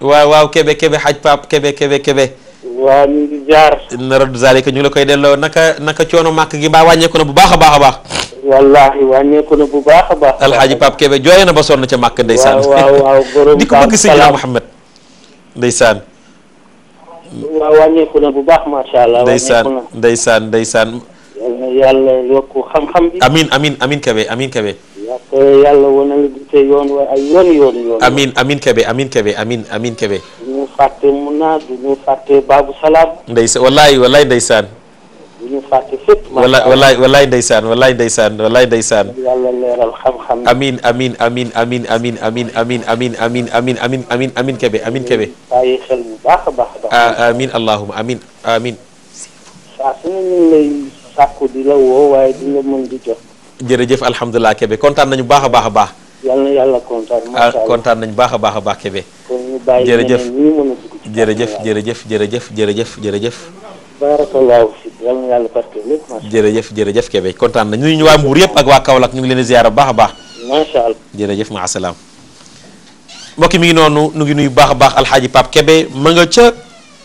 waaw waaw Kébé Kébé xaj Pape Kébé Kébé Kébé. waaw ñu ngi jaar. na radu zalika ñu la koy delloo naka naka coono màkk gi baax wàññeeku na bu baax a baax a baax. wallahi wàññeeku na bu baax a baax. alxaaji Pape Kébé jooye na ba sonn ca màkk ndeysaan. waaw waaw waaw wàññeeku na bu baax macha allah. wàññeeku na ndeysaan ndeysaan amin amin amin amin Kébé. ndax yàlla wane la du te yoon wa ay yoon yoon yoon amin amin Kébé amin Kébé amin amin Kébé du ñu fàtte mun naa du ñu fàtte baabu salaam ndeysa wallaay wallaay ndeysaan du ñu fàtte fépp wala wallaay wallaay ndeysaan wallaay ndeysaan wallaay ndeysaan yàlla leeral xam-xam amin amin amin amin amin amin amin amin amin amin amin amin amin Kébé amin Kébé bàyyi xel bu baax a baax a baax amin allahuma amin amin saa su ne ñu ngi lay sàkku di la woo waaye di la mën di jox jërëjëf alhamdulilah Kébé kontaan nañu baax a baax a baax. yàlla na ah, kontaan. nañu baax a baax a baax Kébé. kon ñu bàyyi jërëjëf jërëjëf jërëjëf jërëjëf jërëjëf jërëjëf. baarakallaahu fiik na yàlla barke kontaan nañu ñu ngi Mbuur yëpp ak waa Kaolack ñu ngi leen di ziyaara baax a baax. jërëjëf maa salaam. mbokk mi ngi noonu nu ngi nuyu baax a baax Alxaaji Pape Kébé ma nga ca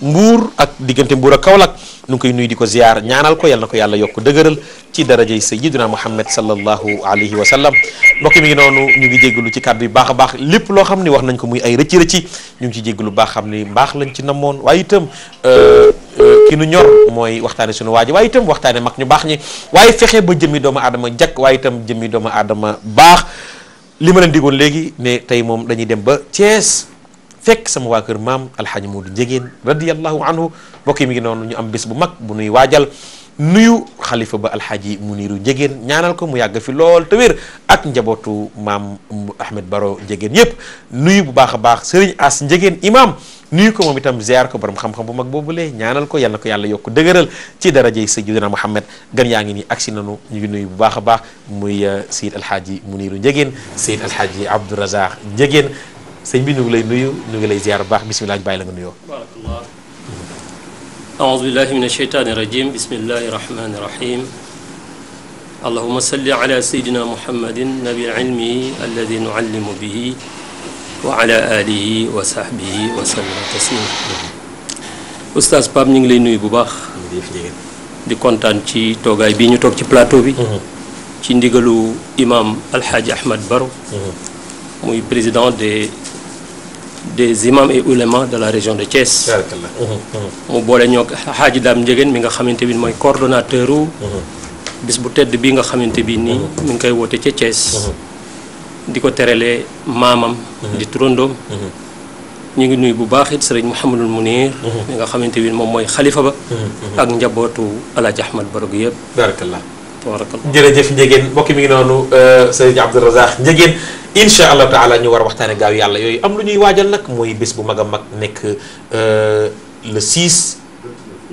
mbuur ak diggante mbuur ak Kaolack nu ngi koy nuyu di ko ziyaar ñaanal ko yal na ko yàlla yokk dëgëral ci darajay sayyidina Muhammad sallallahu alayhi wa sallam mbokk mi ngi noonu ñu ngi jéggalu ci kàddu bi baax a baax lépp loo xam ni wax nañ ko muy ay rëcci rëcci ñu ngi ci jéggalu baax xam ni mbaax lañ ci namoon waaye itam euh, euh, ki nu ñor mooy waxtaane suñu waaji waaye itam waxtaane mag ñu baax ñi waaye fexe ba jëmmi doomu aadama jakk waaye itam jëmmi doomu aadama baax li ma leen léegi ne tey moom dañuy dem ba Thiès fekk sama waa kër maam alxaaji Moodu Njegéen radiallahu anhu mbokk yi mi ngi noonu ñu am bés bu mag bu nuy waajal nuyu xalifa ba alxaaji Muniru Njegéen ñaanal ko mu yàgg fi lool te ak njabootu maam Ahmed Baro Njegéen yépp nuyu bu baax a baax Serigne As Njegéen imam nuyu ko moom itam ziar ko borom xam-xam bu mag boobulee ñaanal ko yal na ko yàlla yokk dëgëral ci darajey sayyidina Muhammad gan yaa ngi nii agsi nanu ñu ngi nuyu bu baax a baax muy Seydi alxaaji Muniru Njegéen Seydi alxaaji Abdourazaq Njegéen sëñ bi ñu ngi lay nuyu ñu ngi lay ziar bu baax bisimilah ñu bàyyi la nga nuyoo. barakallah aoudu billahi min asheytaani rajim bismillahi rahmani rahim allahuma salli ala sayidina muhammadin nabil ilmi alladi nuallimu bihi wa ala alihi wa sahbihi wa sallam taslim oustaz Pape ñu ngi lay nuyu bu baax di kontaan ci toogaay bi ñu toog ci plateau bi mm-hmm. ci ndigalu imam alxaaji ahmad baro mm-hmm. muy président des des imams et ulémas de la région de Thiès. mu boole ñoo xaaji daam njegéen mi nga xamante bi mooy coordonnateur u bis bu tedd bi nga xamante bi nii mu ngi koy woote ca Thiès. di ko terale maamam di turandoom ñu ngi nuyu bu baax it sëriñ Mouhamadul Mounir mi nga xamante bi moom mooy xalifa ba ak njabootu alaaji Ahmad Bargo yëpp jërëjëf njegéen mbokki mi ngi noonu euh, sëriñ Abdourazaq njegéen incha allah taala ñu war a waxtaane gaaw yàlla yooyu am lu ñuy waajal nag mooy bés bu mag a mag nekk euh, le 6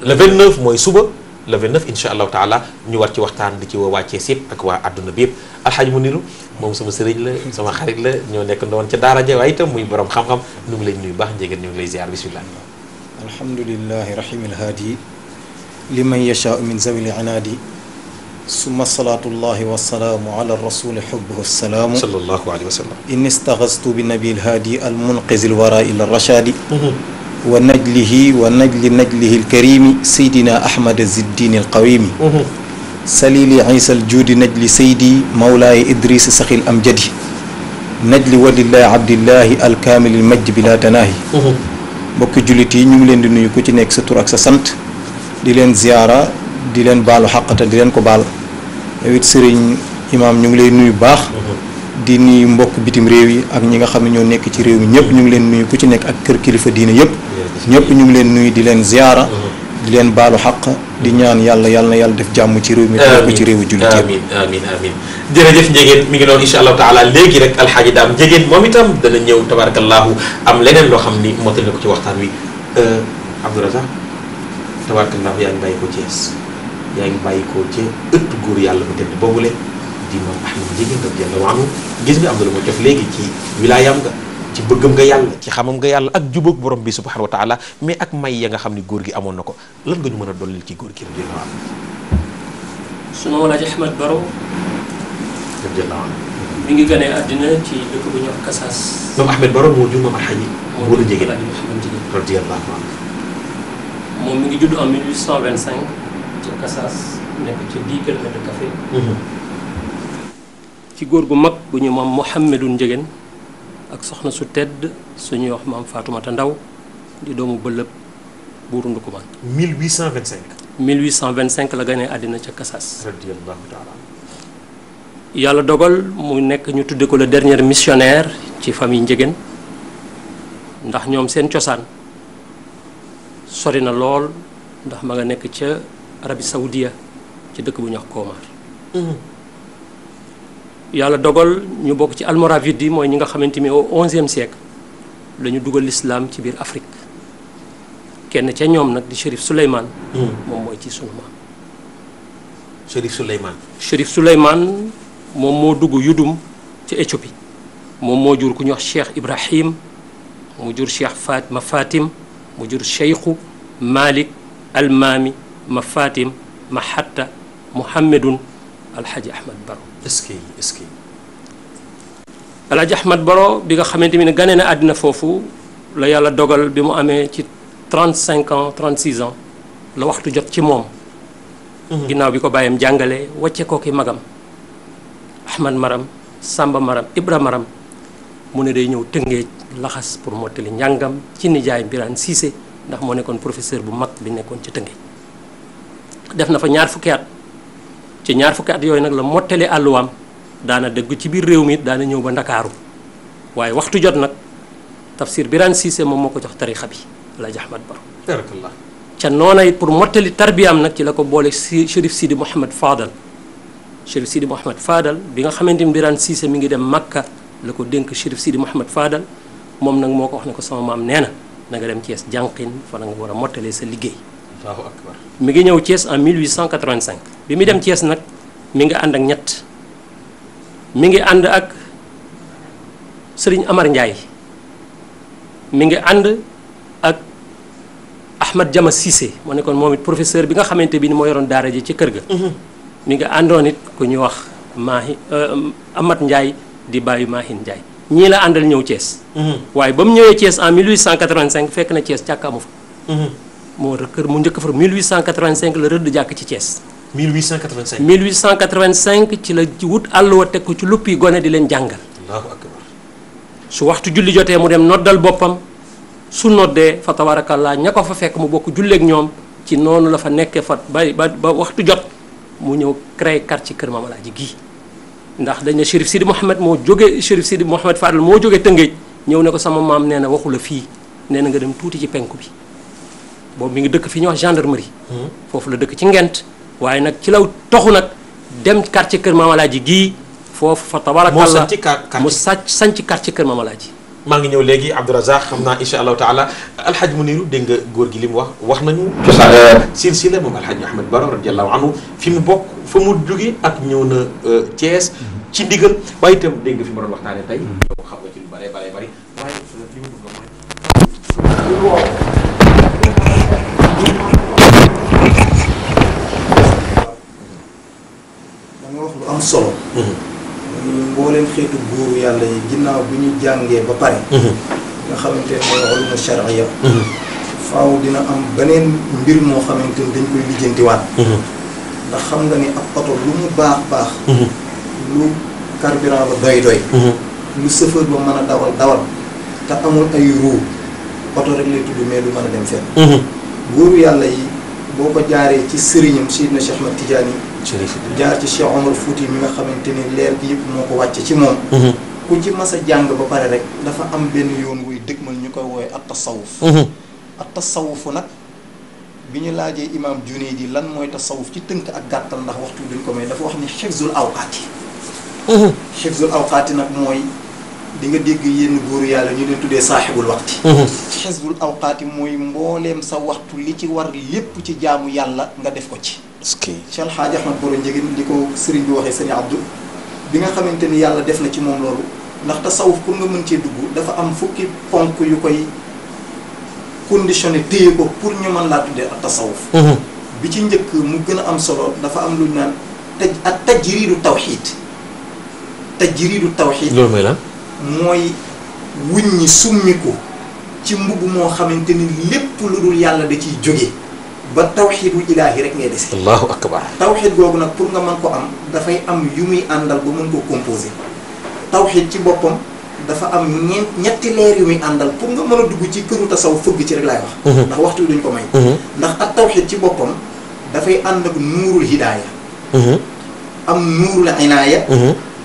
le 29 mooy suba le 29 incha allahu taala ñu war ci waxtaan di ci woo waa Cees yëpp ak waa adduna bi yëpp xaj mu niru moo sama sëriñ la sama xarit la ñoo nekk ndoon ca daara ja waaye itam muy borom xam-xam nu ngi lay nuyu baax njegéen ñu ngi lay ziar bisimilah alhamdulilahi rahimil haadi liman yashaa summa salaatullahi wasalaamu ala rasuli xubbuhu salaamu sallallahu alayhi wa sallam in istaxastu bi nabi lhaadi almunqizi lwara ila rachadi mhm. wa najlihi wa najli najlihi lkarimi saydina ahmad ziddin alqawimi mhm. salili isa aljuudi najli saydi mawlaay idris saxil amjadi najli walillahi abdillahi alkaamil almajdi bila tanaahi mhm. mbokki jullit yi ñu ngi leen di nuyu ku ci nekk sa tur ak sa sant di leen ziyaara di leen baalu xaq te di leen ko baal it sëriñ imaam ñu ngi lay nuyu baax di nuyu mbokk bitim réew yi ak ñi nga xam ne ñoo nekk ci réew mi ñëpp ñu ngi leen nuyu ku ci nekk ak kër kilifa diine yëpp ñëpp ñu ngi leen nuyu di leen ziyaara di leen baalu xaq di mm-hmm. ñaan yàlla yàlla yàlla def jàmm ci réew mi ko ci réew jullit yëpp amin jërëjëf njegéen mi ngi noonu insha allahu taala léegi rek alxaaji daam njegéen moom itam dana ñëw tabarakallahu am leneen loo xam ni mottali na ko ci waxtaan wi euh, Abdou Razak tabarakallahu yaa ngi bàyyi ko Thiès yaa ngi bàyyi ko ca ëtt góor yàlla bu tedd boobule di moom Ahmad Ndiéguène radiyallahu anhu gis nga am na lu ma jof léegi ci wilaayam nga ci bëggam nga yàlla ci xamam nga yàlla ak jubóog borom bi subhanahu wa taala mais ak may ya nga xam ni góor gi amoon na ko lan nga ñu mën a dollil ci góor gi radiyallahu anhu suma walaaj Ahmad ngi gënee àddina ci dëkk bu ñuy moom Ahmad ci Kassas nekk mhm. góor gu mag bu ñu maam Mouhamedoune Ndiéguène ak soxna su tedd suñuy wax maam Faatumata Ndaw di doomu bëlëb buuru Ndukumaan 1825 1825 la gane àddina ca Kassas radiyallahu taala yàlla dogal mu nekk ñu tudde ko le dernier missionnaire ci famille Ndiéguène ndax ñoom seen cosaan sori na lool ndax ma nga nekk ca arabi Saoudia ci dëkk bu ñox wax mhm. yàlla dogal ñu bokk ci almoravide yi mooy ñi nga xamante ni au onzième siècle la dugal lislaam ci biir Afrique kenn ca ñoom nag di Chérif Souleymane mhm. moom mooy ci sunu maam Chérif Souleymane moom moo dugg Yudum ca Éthiopie moom moo jur ku ñuy wax Cheikh Ibrahim mu jur Cheikh Fatima Fatim mu jur Cheikhu Malik Almaami ma faatim ma Hatta Mouhamedun Alhaji Ahmad Baro. est-ce que est bi nga xamante ne gane na àddina foofu la yàlla dogal bi mu amee ci 35 ans 36 ans la waxtu jot ci moom. Mhm. ginnaaw bi ko bàyyam jàngale wàcce ko ki magam. Ahmad Maram Samba Maram Ibra Maram mu ne day ñëw Tëngéej laxas pour mottali njàngam ci nijaay Birane Cissé ndax moo nekkoon professeur bu mag bi nekkoon ci Tëngéej. def na fa ñaar fukki at ci ñaar fukki at yooyu nag la mottale àlluwaam daana dëgg ci biir réew mi daana ñëw ba ndakaaru waaye waxtu jot nag tafsir Birane Cissé moom moo ko jox tarixa bi alaaji Ahmad Baro ca noona yi pour mottali tarbiyaam nag ci la ko boole si Chérif Sidi Mouhamed Fadal Chérif Sidi Mouhamed bi nga xamante ni Birane Cissé mi ngi dem Makka la ko dénk Chérif Sidi Mouhamed Fadal moom nag moo ko wax ne ko sama maam nee na na nga dem Cees jànqin fa la nga war a mottalee sa liggéey mi ngi ñëw cees en 1885 bi mu dem cees nag mi ngi ànd ak ñett mi ngi ànd ak Serigne Amar Ndiaye mi ngi ànd ak Ahmad Jama Cissé moo nekkoon moom it professeur bi nga xamante bi ni moo yoroon daara ji ci kër ga. Mhm. mi ngi àndoon it ku ñuy wax Mahi euh, Amad Ndiaye di bàyyi Mahin Ndiaye ñii la àndal ñëw cees mhm. waaye ba mu ñëwee Thiès en 1885 fekk na Thiès càkk amu fa. Mhm. moo kër mu njëkk fa far 1885 la rëdd jàkk ci Thiès. 1885 1885 ci la wut àll wa teg ko ci lupp yi gone di leen jàngal. Allahu su waxtu julli jotee mu dem noddal boppam su noddee fa tabaarakallaa ña ko fa fekk mu bokk julleeg ñoom ci noonu la fa nekkee fat ba ba ba waxtu jot mu ñëw créé quartier kër ma Maam Alaaji gii. ndax dañ ne Chérif Sidi Mouhamed moo jógee Chérif Sidi Mouhamed Fadel moo jógee Tëngéej ñëw ne ko sama maam nee na waxu la fii nee na nga dem tuuti ci penku bi. boobu mi ngi dëkk fi ñuy wax gendarmerie. foofu la dëkk ci ngent waaye nag ci law toxu nag dem quartier Kër Mamalaaji gii foofu fa tabarakallah mu sàcc sànc quartier Kër Mamalaaji maa ngi ñëw léegi Abdourazaq xam naa incha allahu taala alxaj Muniru dégg nga góor gi li mu wax wax nañu cosaan silsila moom alxaj Ahmed Baro radiallahu anhu fi mu bokk fa mu jóge ak ñëw na euh, Thiès ci ndigal waaye itam dégg fi ma doon waxtaane tey yow xam nga ci lu bare lu am solo. mbooleem xeetu góoru yàlla yi ginnaaw bi ñu jàngee ba pare. nga xamante ne mooy uluma charia. dina am beneen mbir moo xamante ni dañ koy lijjantiwaat. xam nga ni ab oto lu mu baax baax. lu carburant ba doy doy. lu chauffeur ba mën a dawal dawal te amul ay roue oto rek lay tudd mais du mën a dem fenn. góoru yàlla yi boo ko jaaree ci sëriñam Seydina Cheikh Ahmad Tidiane yi jaar ci Cheikh Omar Fouti mi nga xamante ni leer gi yëpp moo ko wàcc ci moom mhm. ku ci mas jàng ba pare rek dafa am benn yoon wuy dëgmal ñu koy woowe at tasawuf mhm. at tasawufu nag bi ñu laajee imaam Junayd di lan mooy tasawuf ci tënk ak gàttal ndax waxtu duñ ko may dafa wax ni xifzul awqaat yi xifzul mhm. awqaat yi nag mooy di nga dégg yenn góoru yàlla ñu leen tuddee saaxibul waxti xifzul awqaat mooy mbooleem sa waxtu li ci war lépp ci jaamu yàlla nga def ko ci est-ce que Cheikh Alhaji Ahmad Boro Ndiéguène di ko sëriñ bi waxee sëriñ Abdou bi nga xamante ni yàlla def na ci moom loolu ndax tasawuf pour nga mën cee dugg dafa am fukki ponk yu koy conditionné téye ko pour ñu mën laa tuddee ak tasawuf mhm. bi ci njëkk mu gën a am solo dafa am lu ñu naan taj ak tajriidu tawxiid tajriidu tawxiid loolu mooy lan mooy wuññi summi ko ci mbubb moo xamante ni lépp lu dul yàlla di ciy jóge ba tawxiidu ilaahi rek ngay dese. allahu akbar tawxiid googu nag pour nga mën ko am dafay am yu muy àndal ba mën ko composé tawxiid ci boppam dafa am ñetti leer yu muy àndal pour nga mën a dugg ci këru tasaw fëgg ci rek laay wax. Mhm. ndax waxtu duñ ko may. Mhm. ndax ak tawxiid ci boppam dafay ànd ak nuurul hidaaya. Mhm. am nuurul inaaya.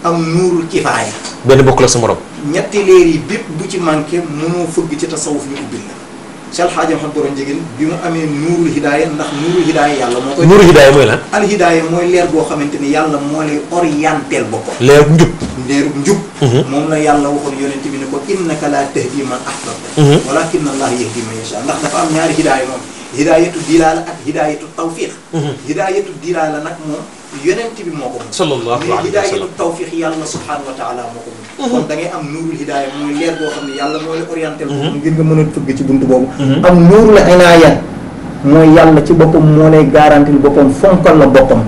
am nuurul kifaaya. benn bokk la sa morom. ñetti leer yi bépp bu ci manqué mënoo fëgg ci tasawuf ñu ubbil la. Cheikh Hadj Mouhamadou Ndiéguène bi mu amee nuurul hidaaya ndax nuurul hidaaya yàlla moo koy. nuurul hidaaya mooy lan. al hidaaya mooy leer boo xamante ni yàlla moo lay orienté boppam. leerub njub. leerub njub. Mhm. moom la yàlla waxoon yonent bi ne ko innaka laa tahdi man ahbabta. Mhm. walaakinna Allaha yahdi man yashaa ndax dafa am ñaari hidaaya moom hidaayatu dilaala ak hidaayatu tawfiq. Mhm. hidaayatu dilaala nag moom. yonent bi moo ko mën. sallallahu alayhi wa sallam hidaayatul tawfiq yàlla subhaanahu wa mhm. am nuurul hidaaya mooy leer boo xam ne yàlla moo la orienté. Mhm. ngir mën a fëgg ci buntu boobu. Mhm. am nuurul inaaya mooy yàlla ci boppam moo lay garantil boppam fonkal la boppam.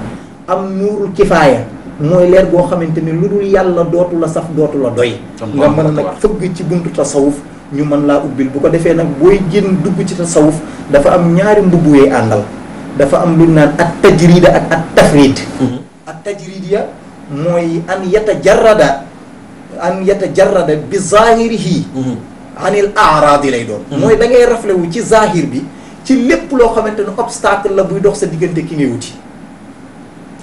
am nuurul kifaaya mooy leer boo xamante ne lu dul yàlla dootu la saf dootu la doy. nga mën nag fëgg ci buntu tasawuf ñu mën laa ubbil bu ko defee nag booy génn dugg ci tasawuf dafa am ñaari ndubb yooyu àndal. dafa am lu ñu naan at tajrida ak at tafrid mhm. at ya mooy an yatajarrada an yatajarrada bi zahirihi mhm. anil aaraadi lay doon mhm. mooy da ngay rafle wu ci zahir bi ci lépp loo xamante ne obstacle la buy dox sa diggante ki ngay wuti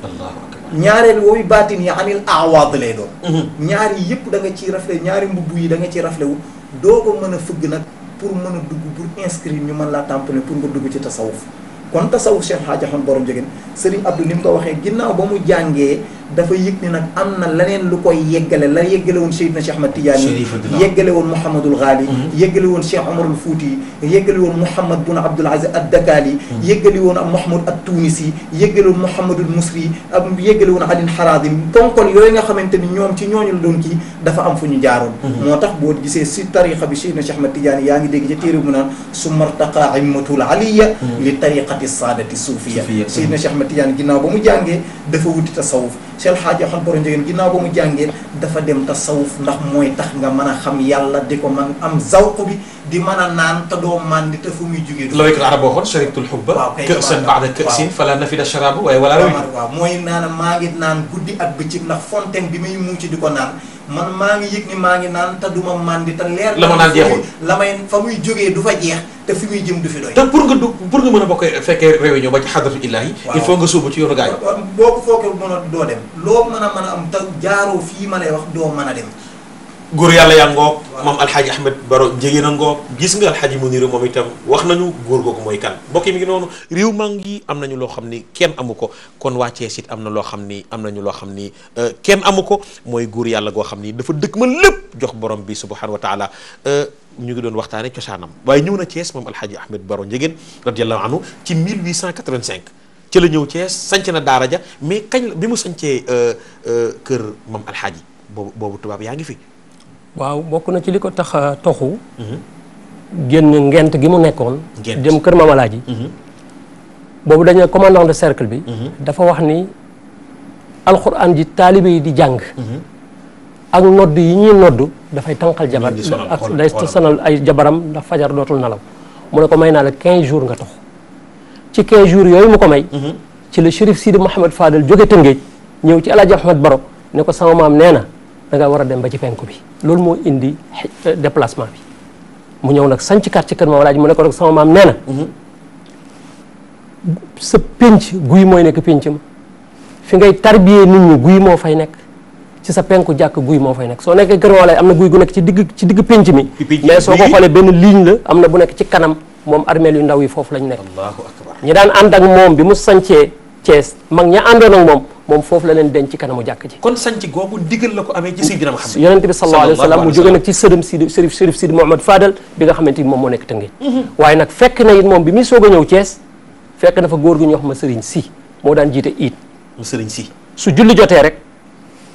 allahu akbar ñaareel wooyu baatin yi anil aawaad lay doon ñaari yi yëpp da nga ciy rafle ñaari mbubb yi danga nga ciy rafle wu doo ko mën a fëgg nag pour mën a dugg pour inscrire ñu mën laa tamponner pour nga dugg ci tasawuf kon tasawuf Cheikh Hadj Axon borom jógeen Serigne Abdou ni mu ko waxee ginnaaw ba mu jàngee dafa yëg ni nag am na leneen lu koy yeggale la yeggale woon Seydina Cheikh Ahmad Tidiane yeggale woon Mouhamadul Ghali mhm. yeggale woon Cheikh Omarul Fouti yeggale woon Mouhamad bun Abdul Aziz ad-Dakali mhm. yeggale woon ak Mouhamad at-Tunisi yeggale woon Mouhamadul Musri ak yeggale woon Alin Harazim ponkol yooyu nga xamante ni ñoom ci ñooñu la doon kii dafa am fu ñu jaaroon mhm. moo tax boo gisee si tariqa bi Seydina Cheikh Ahmad Tidiane yaa ngi dégg ci téere mu naan sumartaqa immatul aliya li tariqati saadati suufiya Seydina Cheikh Ahmad Tidiane ginnaaw ba mu jàngee dafa wuti tasawuf Cheikh Hadj Axal Borom Ndiéguène ginnaaw ba mu jàngee dafa dem tasawuf ndax mooy tax nga mën a xam yàlla di ko man am zawq bi di man a naan te doo màndi te fu muy jugee. loolu it arab waxoon sharibtul hubba. waaw kay kësan baada kësin fala nafida sharaabu waaye wala. waaw waaw mooy naan maa ngi naan guddi ak bëccëg ndax fontaine bi muy muuci di ko naan. man maa ngi yëg ni maa ngi naan te du ma màndi te leer. la ma naan jeexul la may fa muy jógee du fa jeex te fi muy jëm du fi doy. te pour nga du pour nga mën a bokk fekkee réunion ba ci xadratu illaahi il faut nga suubu ci yoonu gaay yi. boo ko fookee mën a doo dem. loo mën a mën a am te jaaroo fii ma lay wax doo mën a dem. góor yàlla yaa ngoog moom alxaaji ahmed baro njegéen a ngoog gis nga alxaaji muniru moom itam wax nañu góor googu mooy kan mbokk mi ngi noonu réew maa am nañu loo xam ni kenn amu ko kon waa Cees am na loo xam ni am nañu loo xam ni euh, kenn amu ko mooy góor yàlla goo xam ni dafa dëkk ma jox borom bi subhanahu wa taala euh, ñu ngi doon waxtaane cosaanam waaye ñëw na Cees moom alxaaji ahmed baro njegéen radiallahu anhu ci 1885 ci la ñëw Cees sanc na daara ja mais kañ bi mu sancee euh, kër moom alxaaji boobu boobu tubaab yaa ngi fi waaw bokk na ci li ko tax toxu. Mhm. génn ngent gi mu nekkoon. dem kër Mamalaaji. Mhm. boobu dañu commandant de cercle bi. Mhm. dafa wax ni alxuraan ji taalibe yi di jàng. ak nodd yi ñuy nodd dafay tànqal jabar ak day sonal ay jabaram ndax fajar dootul nalaw mu ne ko may naa la 15 jours nga tox ci 15 jours yooyu mu ko may. ci la shérif Sidi Mouhamed Fadel jóge Tëngéej ñëw ci El Hadj Ahmed Baro ne ko sama maam nee na da war a dem ba ci penku bi. loolu moo indi euh, déplacement bi mu ñëw nag sanc quartier kër Maam Alaaji mu ne ko nag sama maam nee na mhm. sa pénc guy mooy nekk péncam fi ngay tarbiyee nit ñi guy moo fay nekk ci sa penku jàkk guy moo fay nekk soo nekkee kër Maam Alaaji am na guy gu nekk ci digg ci digg pénc mi mais soo ko xoolee benn ligne la am na bu nekk ci kanam moom armeel yu ndaw yi foofu lañ nekk ñi daan ànd ak moom bi mu sancee Thiès mag ña àndoon ak moom moom foofu la leen denc ci kanamu jàkk ji kon sanc googu ndigal la ko amee ci Seydina Muhammad yonente bi sallallahu alayhi wa sallam bi nga xamante ni moom moo nekk mhm. a ñëw si moo daan jiite iit ma sëriñ si su julli jotee rek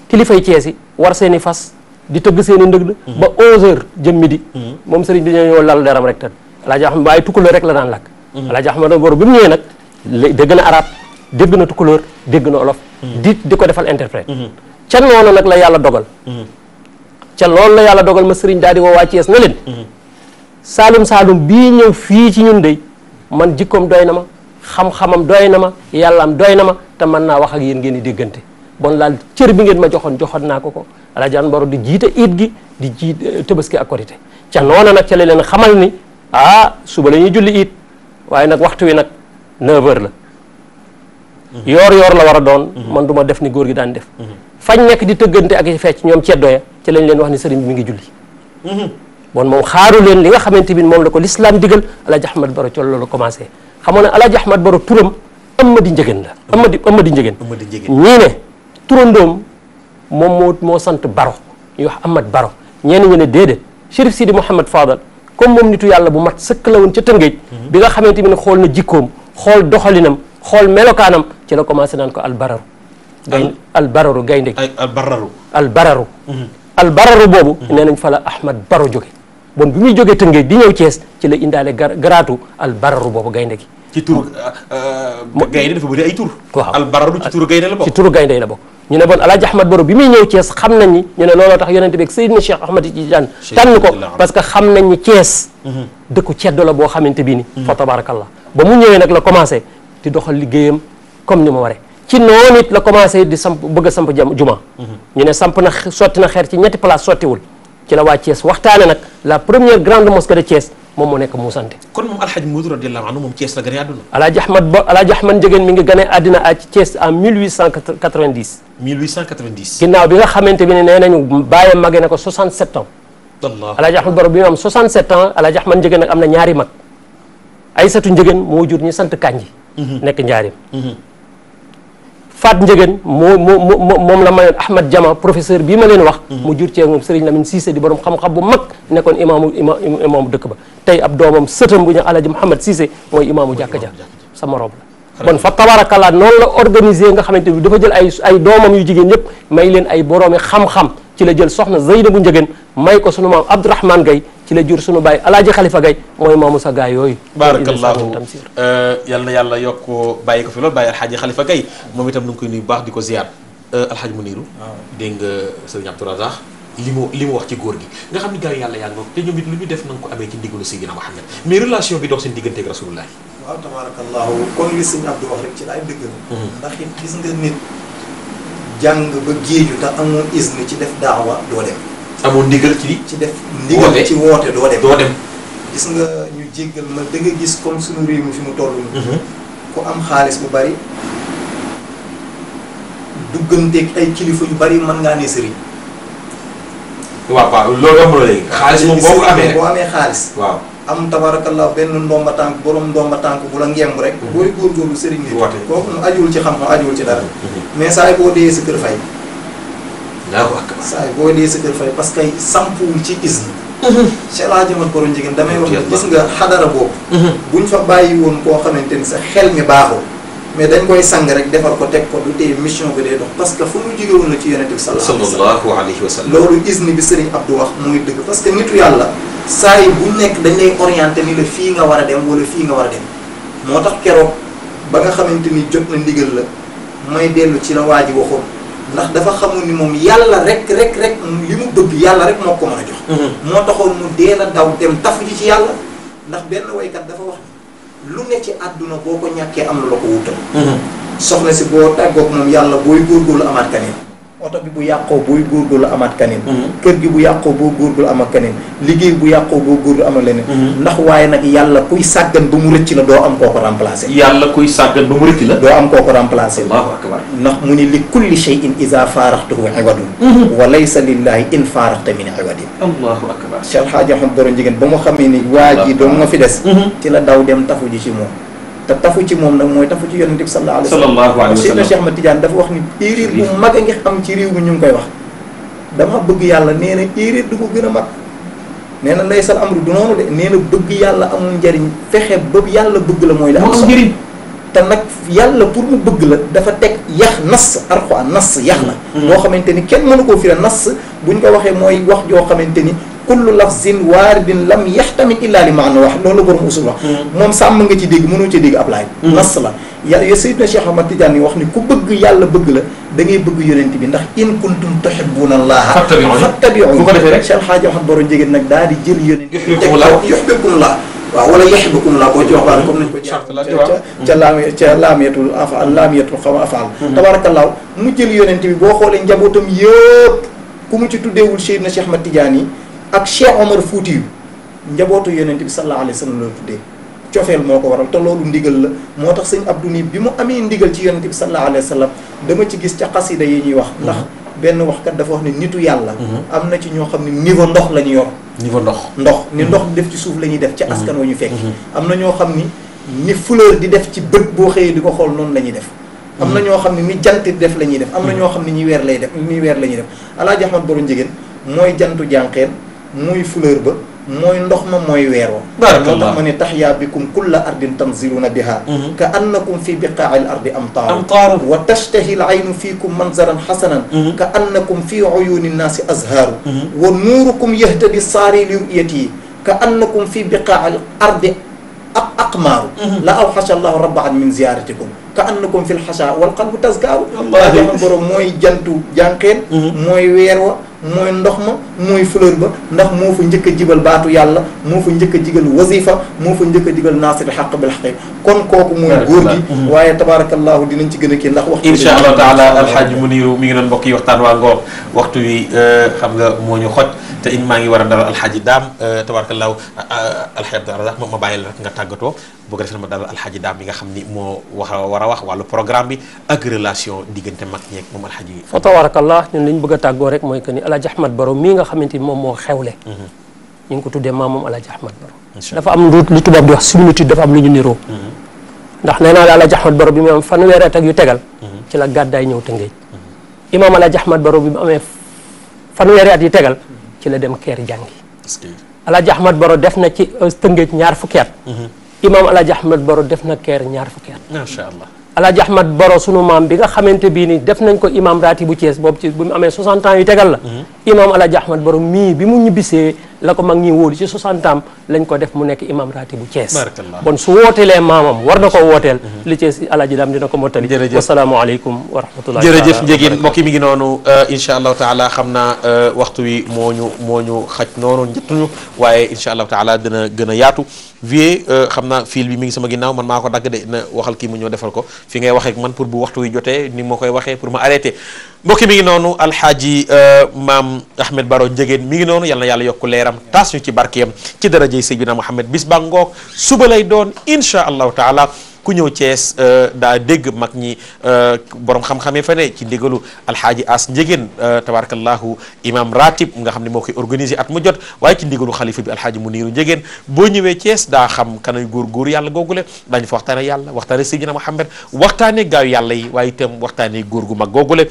kilifay Thiès yi war seen fas di tëgg seen i ndëgg mhm. ba 11 heures jëm midi mhm. moom sëriñ bi ñoo lal deram rek tan alaaji Ahmad waaye tukkula rek la daan lakk alaaji Ahmad Gora bi mu ñëwee nag dégg na arab dégg na tukulóor dégg na olof. Hmm. di di ko defal interprète. Hmm. ca noonu nag la yàlla dogal. Hmm. ca loolu la yàlla dogal ma sëriñ daal di woo waa Thiès na leen. saalum saalum bii ñëw fii ci ñun de man jikkoom doy na ma xam-xamam doy na ma yàllaam doy na ma te mën naa wax ak yéen ngeen di déggante bon laal cër bi ngeen ma joxoon joxoon naa ko ko alaajan mbaro di jiite iit gi di jiite eh, tëbaski ak korité ca noonu nag ca la leen xamal ni ah suba la ñuy julli iit waaye nag waxtu wi nag 9 la. yoor yoor la war a doon mhm. man du ma def ni góor gi daan def mhm. fañ nekk di tëggante ak fecc ñoom ceddoya ci lañ leen wax ni sëriñ bi mi ngi julli mhm. bon moom xaaru leen li nga xamante bi la ko l'islam digal alaaji ahmad baro col loolu commencé xamoon ne alaaji ahmad baro turam amadi njëgeen la amadi amadi njëgeen ñii ne turandoom moom moo moo sant baro ñuy wax ahmad baro ñenn ñi ne déedéet Chérif Sidi Mouhamed Fadal comme moom nitu yàlla bu mat sëkk la woon ca Tëngéej bi nga xamante bi ne xool na jikkoom xool doxalinam xool melokaanam ci la commencé naan ko albararu gaynde albararu gaynde gi albararu albararu mhm. albararu boobu mhm. nee nañ fa la Ahmad Baro jóge bon bi muy jógee Tëngéej di ñëw cees ci la indaale garaatu albararu boobu gaynde gi ci euh, euh, gaynde dafa bëri ay tur waaw albararu ci turu gaynde la bokk ci ñu ne bon alaaji Ahmad Baro bi muy ñëw Thiès xam nañ ni ñu ne looloo tax yonente bi ak Seydina Cheikh Ahmad Tidiane tànn ko parce que xam nañ ni Thiès mhm. dëkku ceddo la boo xamante bi ni fa tabarakallah ba mu ñëwee nag la commencé di doxal liggéeyam comme ni ma waree ci noonu la commencé di samp bëgg a samp jam juma mm-hmm. ñu ne samp na sotti na xeer ci ñetti place sottiwul ci la waa Thiès waxtaane nag la première grande mosquée de Thiès moom moo nekk Muusante kon moom alhaji Modou radiyallahu anhu moom Thiès la gane àdduna alhaji Ahmad ba alhaji Ahmad Ndiéguène mi ngi gane àddina à Thiès en 1890 bi nga xamante bi ne nee nañu bàyyam mage na ko 67 ans Allah alhaji Ahmad Baro bi mu am 67 ans alhaji Ahmad Ndiéguène nag am na ñaari mag Aysatu Ndiéguène moo jur ñu sant Kanji nekk njaarim mhm. faat njëgeen moo moo moom la mayoon Ahmad jamaa professeur bii ma leen wax mhm. mu jur cee moom Serigne Lamine Cissé di borom xam-xam bu mag nekkoon imaamu imaamu dëkk ba tey ab doomam sëtam bu ñu Alaaji Mouhamed Cissé mooy imaamu jàkka ja sa morom la kon fa tabaarakallaa noonu la organisé nga xamante ni dafa jël ay ay doomam yu jigéen yëpp may leen ay boroomi xam-xam ci la jël soxna Zeynabu Njëgeen may ko sunu maam Abdourahmane Gaye ci la jur sunu baay alaaji xalifa gay mooy moomu sa gaay yooyu barakallahu tamsir euh, yal na yàlla yokk bàyyi ko fi loolu bàyyi alxaaji xalifa gay moom itam nu ngi koy nuyu baax di ko ziar euh, alxaaji Muniru dégg nga sëriñ Abdou Razak li mu li mu wax ci góor gi nga xam ni gaay yàlla yaa ngi ko te ñoom it lu ñu def na nga ko amee ci ndigalu Seydina Muhammad mais relation bi dox seen digganteeg rasulullah waaw tabarakallahu kon li sëñ Abdou wax rek ci laay dëgg mhm. ndax it gis nga nit jàng ba géeju te amoo isne ci def daawa doo amoon ndigal ci ci def ndigal ci woote doo dem gis nga ñu jéggal ma danga gis comme suñu réew mi fi mu toll mhm. ku am xaalis bu bari dugganteeg ay kilifa yu bari mën ngaa ne sëriñ waaw waaw loolu am na léegi xaalis moom boo amee xaalis waaw am tabarakallah benn ndomba tànk borom ndomba tànk bu la ngemb rek mhm. booy góorgóorlu sëriñ bi kooku mu ajuwul ci xam mu ajuwul ci dara mhm. mais saa yi boo dee sa kër fay allahu akbar saa yi boo dee sa kër fay parce que sampuwul ci isne mhm. Cheikh El Hadj Ahmed Borom Njigéen damay wax gis nga xadara boobu mhm. buñ fa bàyyi woon koo xamante ni sa xel mi baaxul mais dañ koy sang rek defar ko teg ko du tey mission bi day dox parce que fu mu jóge la ci yonente bi sallallahu alayhi wa sallam loolu isne bi sëriñ Abdou wax parce que nitu yàlla saa yi bu nekk dañ lay orienté ni la fii nga war a dem wala fii nga war a dem moo tax keroog ba nga xamante ni jot na ndigal la mooy dellu ci la waa ji waxoon ndax dafa xamul ni moom yàlla rek rek rek li mu dëgg yàlla rek moo ko mën a jox. Mhm. moo taxoon mu dee la daw dem tafu ji ci yàlla ndax benn waykat dafa wax lu ne ci àdduna boo ko ñàkkee am na la ko wutal. Mhm. soxna si boo tàggoog moom yàlla booy góorgóorlu amaat kaneen oto bi bu yàqoo booy góorgóorlu amaat kanin mhm. kër gi bu yàqoo boo góorgóorlu amaat kanin liggéey bu yàqoo boo góorgóorlu amaat leneen mhm. ndax waaye nag yàlla kuy sàggan bu mu rëcc la doo am koo ko remplacé yàlla kuy sàggan ba mu rëcc la doo am ko remplacé allahu akbar ndax mu ni li kulli shay'in iza faaraxtuhu iwadun mhm. wa laysa lillahi in faaraxta min iwadin allahu akbar Cheikh Hadji Ahmad ni waa ji doo nga fi des ci la daw dem tafu ji ci moom te tafu ci moom nag mooy tafu ci yonente bi sallallahu alayhi wa sallam Seydina Cheikh Ahmad Tidiane dafa wax ni erreur bu mag a ngi am ci réew mi ñu ngi koy wax dama bëgg yàlla nee na erreur du ko gën a mag nee na laysal amru du noonu de nee na bëgg yàlla amul njariñ fexe ba yàlla bëgg la mooy la am njariñ te nag yàlla pour mu bëgg la dafa teg yax nas arxuwaan nas yax la boo mm-hmm. xamante ni kenn mënu koo firi nas buñ ko waxee mooy wax joo xamante ni kullu lafzin waaridin lam yaxtamil illaa li maana wax loolu la borom usul wax mm-hmm. moom sàmm nga ci dégg mënoo ci dégg ab laay mm-hmm. nas la ya Seydina Cheikh Ahmad Tidiane wax ni ku bëgg yàlla bëgg la da ngay bëgg yonent bi ndax in kuntum tuhibbuna allaha fattabi'un bu ko defee rek Cheikh Alhaaji Ahmad Baro Njegéen nag daal di jël yonent bi teg yox béppul laa waaw wala yaxibakum laa boo ci wax daal comme nañ ko jàpp ca laam ca laamiyatul afaal laamiyatul xaw afaal mm-hmm. tabarakallaahu mu jël yonent bi boo xoolee njabootam yëpp ku mu ci tuddeewul Seydina Cheikh ma Tidiane yi ak Cheikh Omar Fouti yu njabootu yonent bi sallallahu alayhi wa sallam la tuddee cofeel moo ko waral te loolu ndigal la moo tax sëñ ab ni bi mu amee ndigal ci yonent bi sallallahu alayhi wa dama ci gis ca xasida yi ñuy wax ndax mm-hmm. benn waxkat dafa wax ne nitu yàlla. Mhm. am na ci ñoo xam ne niveau ndox la ñu yor. niveau ndox ndox ni mhm. ndox di def ci suuf la ñuy def. ci mhm. askan wa ñu fekk. am na ñoo xam ni ni fleur di def ci bët boo xëyee di ko xool noonu la ñuy def. am na ñoo xam ne ni jant def la ñuy def. am na ñoo xam ne ñi weer lay def ñi weer lañuy ñuy def El Hadj Ahmad Borom Njigéen mooy jantu jànqeen mooy fleur ba. mooy ndox ma mooy weeroo moo tax ma ne taxyaa bikum kulla ardin tanziluna biha mhm. ka annakum fi biqaai l ardi amtaaru wa tashtahi l aynu fiikum manzaran xasanan mhm. ka annakum fi uyuni nnaasi azhaaru mhm. wa nuurukum yahtadi saari li ru'yati ka annakum fi biqaai l ardi ab aqmaaru mhm. la aw xasa allahu rabaan min ziyaaratikum ka annakum fil xasa wal qalbu tazkaaru daa joxoon borom mooy jantu jànqeen mhm. mooy weer wa mooy ndox ma mooy fleur ba ndax moo fa njëkk a jibal baatu yàlla moo fa njëkk a jigal wasifa moo fa njëkk a jigal naasir xaq bil xaq kon kooku mooy góor gi mhm. waaye tabaarakallahu dinañ ci gën a kii ndax waxtu insha allah taala alxaaji muniru mi ngi doon mbokk yi waxtaan waa ngoog waxtu wi euh, xam nga moo ñu xoj te it maa ngi war a dalal alxaaji daam eh, tabaarkallaaw alxaaji Abdou Razak moom bàyyi la nga tàggatoo bu ko ma dalal alxaaji daam bi nga xam ni moo wax war a wax wàllu programme bi ak relation diggante mag ñeeg moom alxaaji fa tabaarakallaah ñun li ñu bëgg a tàggoo rek mooy que ni alaaji Ahmad Baro mii nga xamante ni moom moo xewle mm-hmm. ñu ngi ko tuddee maam moom alaaji Ahmad Baro dafa am lu li tubaab di wax similitude dafa am lu ñu niroo mm-hmm. ndax nee la alaaji Ahmad bi mu am fanweeri at ak yu tegal mm-hmm. ci la gàddaay ñëw Tëngéej imaam alaaji Ahmad Baro bi mu amee fanweeri at yu tegal ci la dem keer jàngi alaaji ahmad boro def na ci euh, tëngéej ñaar fukki at mhm. imaam alaaji ahmad boro def na keer ñaar fukki at macha ahmad boro sunu maam bi nga xamante bii ni def nañ ko imaam raati bu Thiès boobu ci bu mu amee 60 ans yu tegal la mhm. imaam alaaji ahmad boro mii bi mu ñibbisee la ko mag ñi wóolu ci 60 ans lañ ko def mu nekk imam raati bu Thiès kon su wootelee maamam war na ko wooteel mhm. li Thiès alaaji daam dina ko mottali wasalaamaaleykum wa rahmatullahi jërëjëf njégin mbokk mi ngi noonu euh, incha allahu taala xam naa euh, waxtu wi moo ñu moo ñu xaj noonu njëttuñu waaye incha allahu taala dina gën a yaatu vie euh, xam naa fiil bi mi ngi sama ginnaaw man maa ko dagg de na waxal kii mu ñëw defal ko fi ngay waxee man pour bu waxtu wi jotee ni ma koy waxee pour ma arrêté mbokki mi ngi noonu alxaaji euh, maam Ahmed Baro Njegéen mi ngi noonu yàlla yàlla yokk leeram taas ñu ci barkeem ci darajey Seydina Mohamed bis ba suba lay doon incha allahu taala ku ñëw Cees euh, daa dégg mag ñi euh, borom xam-xamee fa ne ci ndigalu alxaaji As Njegéen tabarakallahu imam ratib nga xam ne moo koy organisé at mu jot waaye ci ndigalu xalifa bi alxaaji Muniiru Njegéen boo ñëwee Cees daa xam kanay góor góor yàlla googule daañu fa waxtaane yàlla waxtaane Seydina Mohamed waxtaane gaaw yàlla yi waaye itam waxtaane góor gu mag googule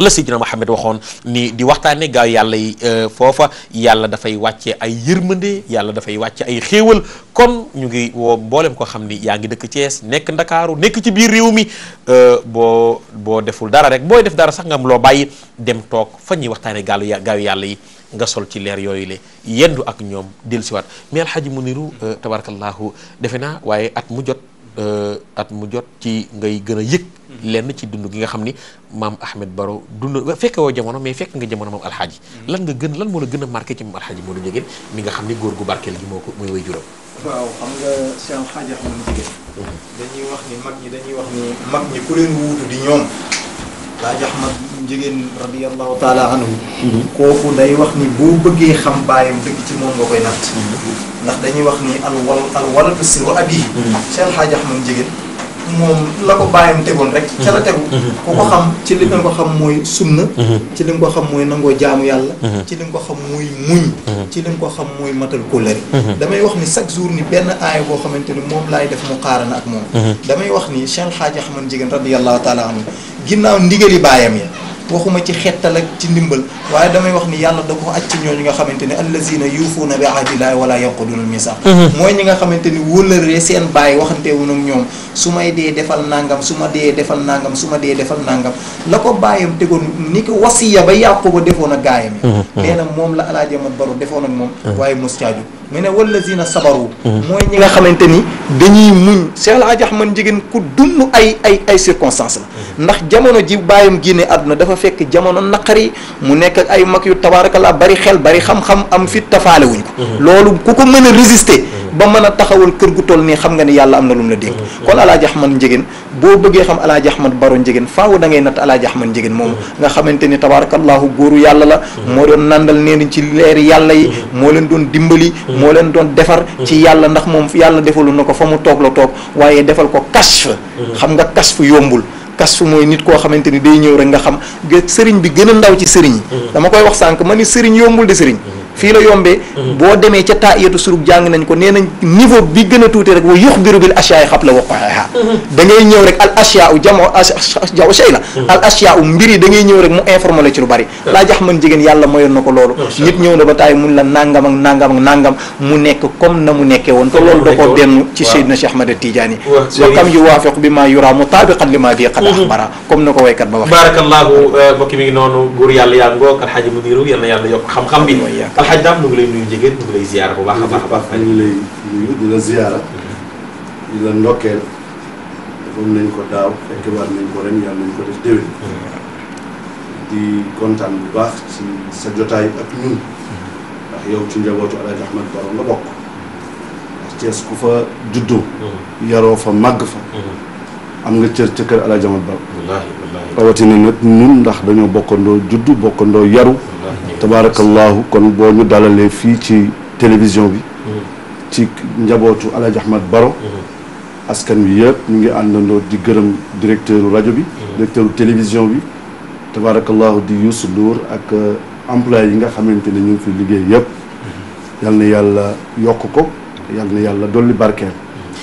la Seydina Mohamed waxoon ni di waxtaane gaaw yàlla yi euh, foofa yàlla dafay wàcce ay yërmande yàlla dafay wàcce ay xéewal kon ñu ngi woo mboolem koo xam ni yaa ngi dëkk Thiès nekk Ndakaaru nekk ci biir réew mi euh, boo boo deful dara rek booy def dara sax nga loo bàyyi dem toog fa ñuy waxtaane gaalu gaaw yàlla yi nga sol ci leer yooyu le yendu ak ñoom dellusiwaat mais alxaaji Muniru euh, tabarakallahu defe naa waaye at mu jot at mu jot ci ngay gën a yëg hmm. lenn ci dund gi nga xam ni maam Ahmed Baro dund fekke woo jamono mais fekk nga jamono maam alxaaji lan nga gën lan moo la gën a marqué ci maam alxaaji Modou Ndiéguène mi nga xam ni góor gu barkeel gi moo ko mooy way juróom waaw xam nga si alxaaji Ahmed Ndiéguène dañuy wax ni mag dañuy wax ni mag ñi ku leen mhm. xam baayam dëgg moom la ko bàyyam tegoon rek ca la tegu mhm. ku ko xam ci li nga ko xam mooy sunna mhm. ci li nga ko xam mooy nangoo jaamu yàlla mhm. ci li nga ko xam mooy muñ ci li nga ko xam mooy matal kóllëre damay wax ni chaque jour ni benn aaya boo xamante ni moom laay def mu na ak moom damay wax ni Cheikh Xaaji Ahmad Jigéen radiyallahu taala anhu ginnaaw ndigali bàyyam yi waxuma ci xettal ak ci ndimbal waaye damay wax ni yàlla da ko aj ci ñooñu nga xamante ne allazina yuufuuna bi ahdillahi wala yanquduna almisaq mhm. mooy ñi nga xamante ni wólëree seen bàyyi waxantewun ak ñoom su may dee defal nangam su ma dee defal nangam su ma dee defal nangam la ko bàyyam tegoon ni ko wasiya ba yàqu ba defoon a gaayam yi mhm. nee na moom la alaaji Amat Baro defoon ak moom mhm. waaye mos caaju mu ne wallazina sabaru mhm. mooy ñi nga xamante ni dañuy muñ Seex Alaaji Ahmad Ndiéguène ku dund ay ay ay circonstances la mhm. ndax jamono ji bàyyam génne àdduna dafa fekk jamono naqari mu nekk ay mag yu tabaarakallaa bari xel bari xam-xam am fit tafaale wuñ ko mhm. loolu ku ko mën résister ba mën a taxawul kër gu toll nii xam nga ni yàlla am na lu mu la dénk kon alaaji ahmad njegéen boo bëggee xam alaaji ahmad baro njegéen faaw da ngay natt alaaji ahmad njegéen moomu nga xamante ni tabarakallahu góoru yàlla la moo doon nandal nee ci leeri yàlla yi moo leen doon dimbali moo leen doon defar ci yàlla ndax moom yàlla defalu na ko fa mu toog la toog waaye defal ko kasf xam nga kasf yombul kasfu mooy nit koo xamante ni day ñëw rek nga xam sëriñ bi gën a ndaw ci sëriñ yi sànq ma ni sëriñ yombul de sëriñ fii la yombe mhm. boo demee ca taayatu surub jàng nañ ko nee nañ niveau bi gën a tuuti rek wa yux biru bil xab la waqoxeha da ngay ñëw rek al asyaa jam jamo jaw shay la mhm. al asyaa u mbir yi da ngay ñëw rek mu informé ci lu bari mhm. laa jax man jigéen yàlla mayoon na ko loolu nit ñëw na ba taay mun la nangam nangam mu nekk comme na mu nekkee woon te loolu da koo benn ci Seydina Cheikh Ahmada Tidiane yi wa kam yu waafiq bi maa yura mutaabiqan li maa bii qad axbara comme na ko waykat ba wax barakallahu eh, mbokki mi yàlla yaa ngoog alxaaji Muniru yàlla xam-xam bi xaj daam nu ngi lay nuyu jigéen nu ngi lay ziyaara bu baax baax a baax lay nuyu di la ziyaara di la ndokkeel defoon nañ ko daaw fekk waat nañ ko ren yàlla nañ ko def déwén di kontaan bu baax ci sa jotaay ak ñun yow ci njabootu Alaaji Ahmad Baro nga bokk ndax Cees ku fa juddoo mm-hmm. yaroo fa màgg fa mm-hmm. am nga cër ca kër Alaaji Amat Ba rawatina nag ndax dañoo bokkandoo juddu bokkandoo yaru tabaarakallaahu kon boo ñu dalalee fii ci télévision bi mm-hmm. ci njabootu Alaaji Ahmad Baro mm-hmm. askan wi yëpp ñu ngi àndandoo di gërëm directeur rajo bi mm-hmm. directeur télévision bi tabaarakallaahu di Youssou Ndour ak euh, employé yi nga xamante ne ñu ngi fi liggéey yëpp yal na yàlla yokk ko yal na yàlla dolli barkeel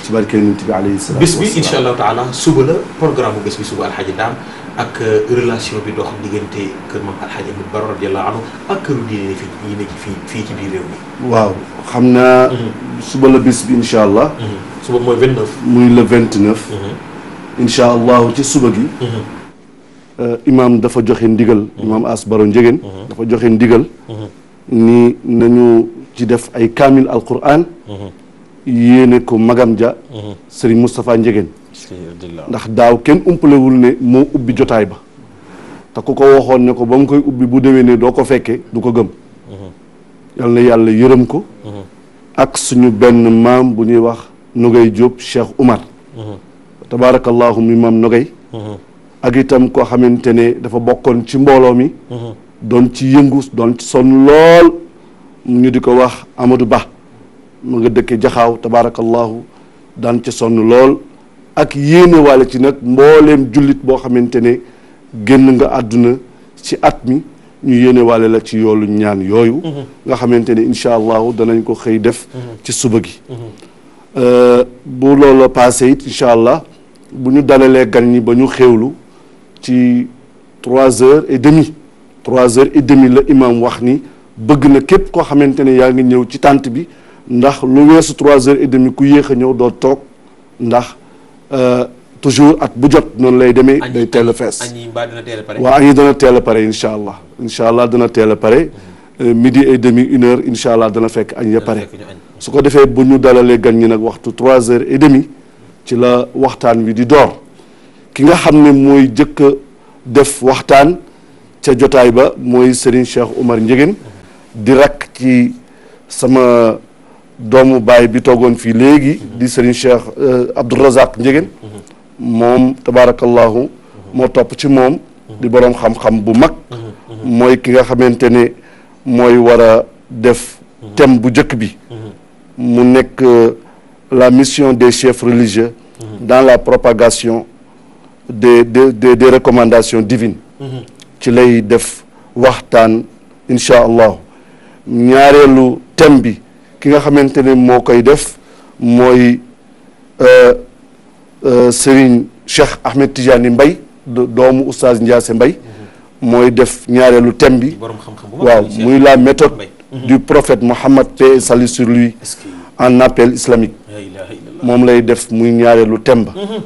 ci barke yonent bi alayhi salaam bés bi incha allahu suba la programme bu suba alxaaji daam ak euh, relation bi dox diggante kër moom alxaaji Ahmed Baro radiyallahu anhu ak këru diine fi yi nekk fii fii waaw xam naa mhm. suba la bés bi incha allah mhm. suba mooy vingt neuf mhm. ci suba gi euh, imaam dafa joxe ndigal imaam as baro dafa joxe ndigal ni nañu ci def ay kaamil alquran yéene ko magam ja mhm. Serigne Moustapha Ndiéguène ndax daaw kenn umpalewul ne moo ubbi jotaay ba te ku ko waxoon ne ko ba mu koy ubbi bu déwénee doo ko fekkee du ko gëm mhm. yal na yàlla yërëm ko mhm. ak suñu benn maam bu ñuy wax Nogay Diop Cheikh Oumar tabaarakallahu mu maam Nogay ak itam koo xamante ne dafa bokkoon ci mbooloo mi doon ci yëngu doon sonn lool ñu di ko wax Amadou Ba mu nga dëkke jaxaaw tabaarakallahu daan ca sonn lool ak yéene waale ci nag mbooleem jullit boo xamante ne génn nga àdduna ci at mi ñu yéene waale la ci yoolu ñaan yooyu mhm. nga xamante ne incha allahu danañ ko xëy def mhm. ci suba gi mhm. euh, bu loolu passé it incha allah bu ñu dalalee gan ñi ba ñu xéewlu ci trois heures et demi trois heures et demi la imam wax ni bëgg na képp koo xamante ne yaa ngi ñëw ci tànt bi ndax lu weesu trois heures et demie ku yéex a ñëw doo toog ndax euh, toujours ak bu jot noonu lay demee. day teel a fees waa añi dana teel a pare incha allah incha dana teel a pare mhm. euh, midi et demi uneur heure incha allah dana fekk añ ya pare su ko defee bu ñu dalalee gan ñi nag waxtu trois heures et demie ci la waxtaan wi di door ki nga xam ne mooy jëkk def waxtaan ca jotaay ba mooy Serigne Cheikh Omar Ndiéguène mhm. di rakk ci sama doomu baay bi toogoon fii léegi di Serigne Cheikh euh, Abdou Razak Njegen moom tabaarakallahu moo topp ci moom di boroom xam-xam bu mag mooy ki nga xamante ne mooy war a def thème bu njëkk bi mu nekk euh, la mission des chefs religieux dans la propagation des des des, des recommandations divines ci lay def waxtaan incha allah ñaareelu thème bi ki nga xamante ne moo koy def mooy euh, euh, Serigne Cheikh Ahmed Tidiane Mbaye doomu oustaz Ndiasse mbay mm-hmm. mooy def ñaareelu thème bi waaw muy la méthode mm-hmm. du prophète Mohammed paix et salut sur lui en appel islamique moom lay def muy ñaaree lu ba mm-hmm.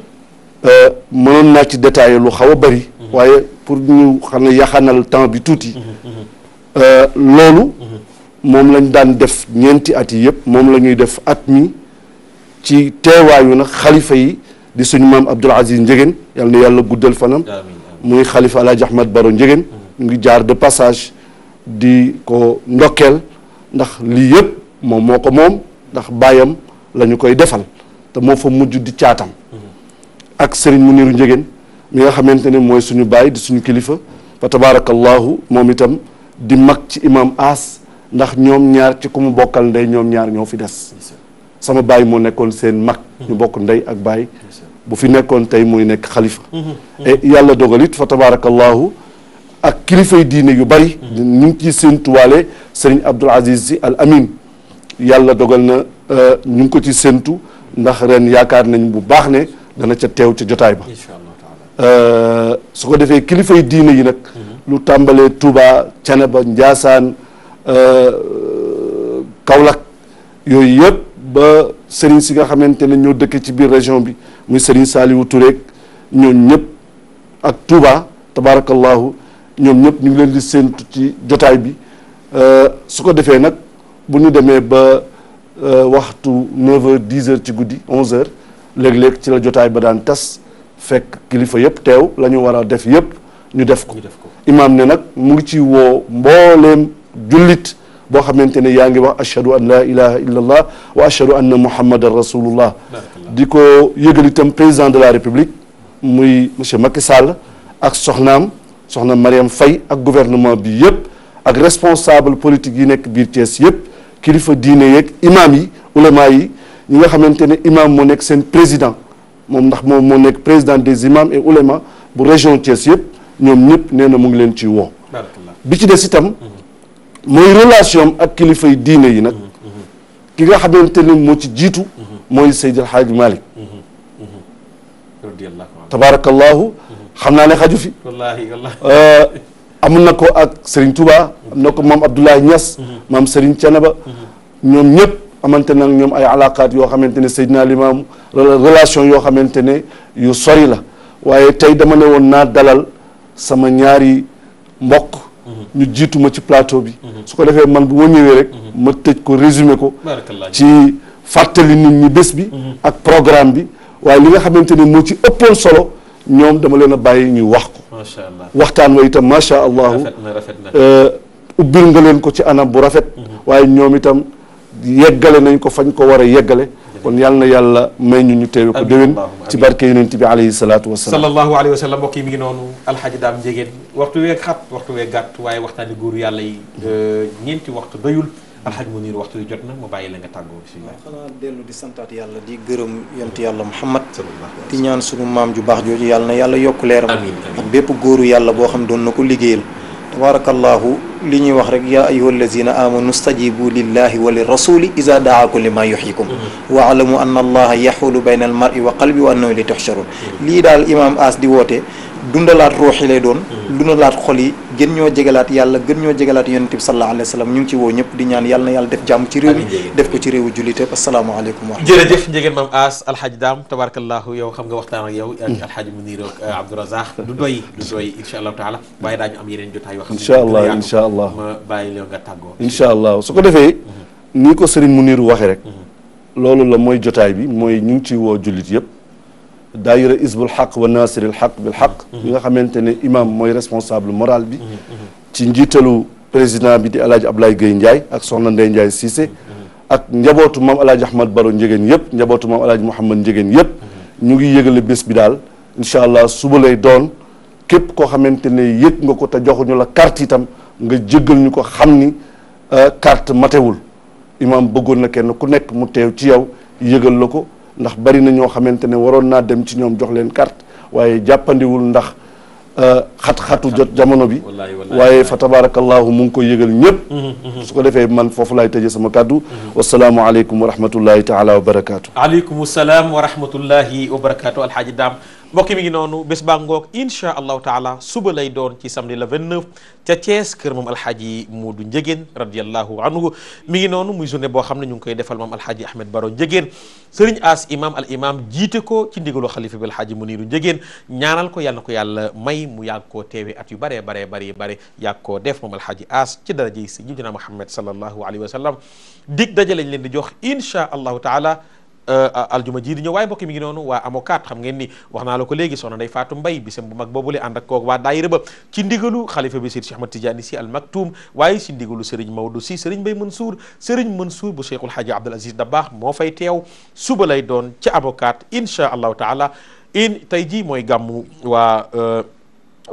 euh, mënoon naa ci détaillé lu xaw a bëri waaye pour ñu xam ne yaxanal temps bi tuuti loolu moom lañ daan def ñeenti at yi yëpp moom la ñuy def at mi ci teewaayu nag xalifa yi di suñu maam Abdoul Aziz Ndiéguène yal yàlla guddal fanam muy xalifa Alaaji Ahmad Baro Ndiéguène mu ngi jaar de passage di ko ndokkeel ndax lii yëpp moom moo ko moom ndax baayam la koy defal te moo fa mujj di caatam ak Serigne Muniru Ndiéguène mi nga xamante ne mooy suñu baay di suñu kilifa fa tabarakallahu moom itam di mag ci imam As ndax ñoom ñaar ci ku mu bokkal ndey ñoom ñaar ñoo fi des sama baay moo nekkoon seen mag mm-hmm. ñu bokk ndey ak baay bu fi nekkoon tey muy nekk xalifa mm-hmm. Mm-hmm. yàlla dogal it fa tabarakallahu ak kilifay diine yu bari ñu ngi ciy séentuwaale sëriñ Abdul Aziz si al amin yàlla dogal na euh, ñu ngi ko ci séentu ndax ren yaakaar nañ bu baax ne dana ca teew ca jotaay ba euh, su ko defee kilifay diine yi nag lu tàmbalee Touba Canaba Njaasaan Euh, Kaolack yooyu yëpp ba sëriñ si nga xamante ne ñoo dëkk ci biir région bi muy sëriñ Saliou Touré ñoom ñëpp ak Touba tabarakallahu ñoom ñëpp ñu ngi leen di séentu ci jotaay bi euh, su ko defee nag bu ñu demee ba euh, waxtu 9 heures 10 heures ci guddi 11 heures léeg-léeg ci la jotaay ba daan tas fekk kilifa yëpp teew la ñu war a def yëpp ñu def ko imaam ne nag mu ngi ci woo mbooleem jullit boo xamante ne yaa ngi wax ashhadu an la ilaha illa allah wa ashhadu anna muhammadan rasulullah di ko yëgal itam président de la république muy monsieur Macky Sall ak soxnaam soxna Mariam Faye ak gouvernement bi yëpp ak responsable politique yi nekk biir Thiès yëpp kilifa diine yeeg imam yi ulama yi ñi nga xamante ne imam moo nekk seen président moom ndax moom moo nekk président des imams et ulama bu région Thiès yëpp ñoom ñëpp nee na mu ngi leen ci woo bi ci des itam hmm. mooy relation am ak kilifa yi diine ki nga xamante ni moo ci jiitu mooy Seydi El Hadj Malick tabarakallahu xam naa ne xaju fi euh, amun na ko ak Serigne Touba am na ko maam Abdoulaye Niass mhm. maam Serigne Thiénaba mhm. ñoom ñëpp amante nag ñoom ay alaqaat yoo xamante ne Seydina Limaamu relation yoo xamante ne yu sori la waaye tey dama ne woon naa dalal sama ñaari mboq ñu jiituma ci plateau bi. su ko defee man bu ma ñëwee rek. ma tëj ko résumé ko. ci fàttali nit ñi bés bi. ak programme bi waaye li nga xamante ni moo ci ëppoon solo ñoom dama leen a bàyyi ñu wax ko. macha allah waxtaan wa itam macha allah. rafet na euh, ubbil nga leen ko ci anam bu rafet. Mhm. waaye ñoom itam yeggale nañ ko fañ ko war a yeggale. kon yàlla na yàlla may ñu ñu teewe ko déwén ci barke yonent bi alayhi salaatu wasalaam sallallahu alayhi wa sallam mbokk yi mi ngi noonu alxaaji daam njegéen waxtu wee xat waxtu wee gàtt waaye waxtaani góoru yàlla yi mm-hmm. euh, ñeenti waxtu doyul alxaaji mu niir waxtu yu jot na mu bàyyi la nga tàggoo bismillah xanaa dellu di yàlla di gërëm yonent yàlla mu muhammad di ñaan sunu maam ju baax jooju yàlla na yàlla yokk leeram ak bépp góoru yàlla boo xam doon na ko liggéeyal tabarakallahu li ñuy wax rek yaa ayuha allazina amanu stajibu lillahi wa li rasuli ida daakum li ma yuxyikum wa alamu anna allaha yaxulu bayna al mar'i wa qalbi wa annahu li tuxcharun lii daal imam as di woote dundalaat ruux yi lay doon. Mm-hmm. dundalaat xol yi gën ñoo jegalaat yàlla gën ñoo jegalaat yonent bi sallallahu alayhi wa sallam ñu ngi ci woo ñëpp di ñaan yàlla na yàlla def jàmm ci réew mi def ko ci réewu jullite asalaamaaleykum wa jërëjëf njegéen maam As alhaaji Daam tabarakallahu yow xam nga waxtaan ak yow mm-hmm. ak alhaaji Munir ak euh, Abdourazaq du doy du doy insha allahu taala waaye daañu am yeneen jotaay yoo xam insha allah allah ma bàyyi la tàggoo insha allah su ko defee mm-hmm. nii ko sëriñ Munir waxee rek loolu la mooy jotaay bi mooy ñu ngi ci woo jullit yëpp daayira isbul xaq wa naasiril xaq bil xaq mhm. bi nga xamante ne imam mooy responsable moral bi mhm, mhm. ci njiitalu président bi di alaaji Ablaye Gueye Ndiaye ak soxna Ndeye Ndiaye Cissé ak njabootu maam alaaji Ahmad Baro Njegéen yëpp njabootu maam alaaji Mouhamad Njegéen yëpp ñu ngi yëgale bés bi daal incha allah suba lay doon képp koo xamante ne yëg nga ko te joxuñu la carte itam nga jëggal ñu ko xam ni euh, carte matewul imam bëggoon na kenn ku nekk mu teew ci yow yëgal la ko ndax bari na ñoo xamante ne waroon naa dem ci ñoom jox leen carte waaye jàppandiwul ndax euh, xat-xatu jot jamono bi waaye fa tabarakallahu mu ngi koy yëgal ñëpp mm-hmm, mm-hmm. su ko defee man foofu laay tëjee sama kàddu mm-hmm. wasalaamu aleykum wa rahmatullahi taala wa barakaatu aleykum salaam wa rahmatullahi wa barakaatu alhaaji daam mbokki mi ngi noonu bés baa ngoog incha allahu taala suba lay doon ci samedi le 29 ca Thiès kër moom alxaaji Moodu Njëgeen radiallahu anhu mi ngi noonu muy journée boo xam ne ñu ngi koy defal moom alxaaji Ahmed Baro Njëgeen sëriñ as imam al imam jiite ko ci ndigalu xalifa bi alxaaji Muniiru njegeen ñaanal ko yàlla na ko yàlla may mu yàgg koo teewe at yu baree baree baree bare yàgg koo def moom alxaaji as ci daraje yi si jib dinaa Muhammad sallallahu alayhi wa sallam dig daje lañ leen di jox incha Euh, aljuma jii di ñëw waaye mbokki mi ngi noonu waa amokat xam ngeen ni wax naa la ko léegi soxna Ndeye Fatou Mbaye bisam bu mag boobule ànd ak koog waa daayira ba ci ndigalu xalifa bi Seydi Cheikh Ahmad Tidiane Sy Al Maktoum waaye ci ndigalu Serigne Maodo Sy Serigne Mbaye Mansour Serigne Mansour bu Cheikhul Hadji Abdoul Aziz Dabakh moo fay teew suba lay doon ci amokat incha allahu taala in tey jii mooy gàmmu waa euh,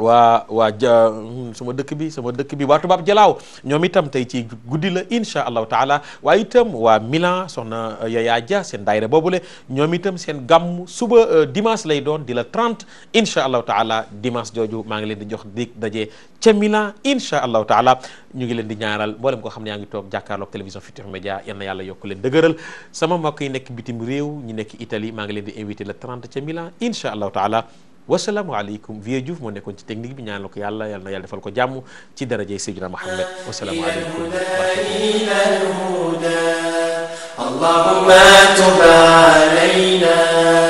waa waa ja hmm, sama dëkk bi sama dëkk bi waa tubaab jalaaw ñoom itam tey ci guddi la incha allahu taala waaye itam waa Milan soxna euh, Yaya Dia seen boobu boobule ñoom itam seen gàmm suba euh, dimanche lay doon di la 30 incha allahu taala dimanche jooju maa ngi leen di jox dig daje ca Milan incha allahu taala ñu ngi leen di ñaaral mboolem koo xam ne yaa ngi toog jàkkaarloog télévision Futurs Médias yal na yàlla yokk leen dëgëral sama mbokk yi nekk bitim réew ñu nekk Italie maa ngi leen di invité le 30 ca Milan incha allahu taala wasalaamualeykum Vieux Diouf moo nekkoon ci technique bi ñaan la ko yàlla yàlla na yàlla defal ko jàmm ci darajay Seydina Muhammad wasalaamualeykum allahumma tub alayna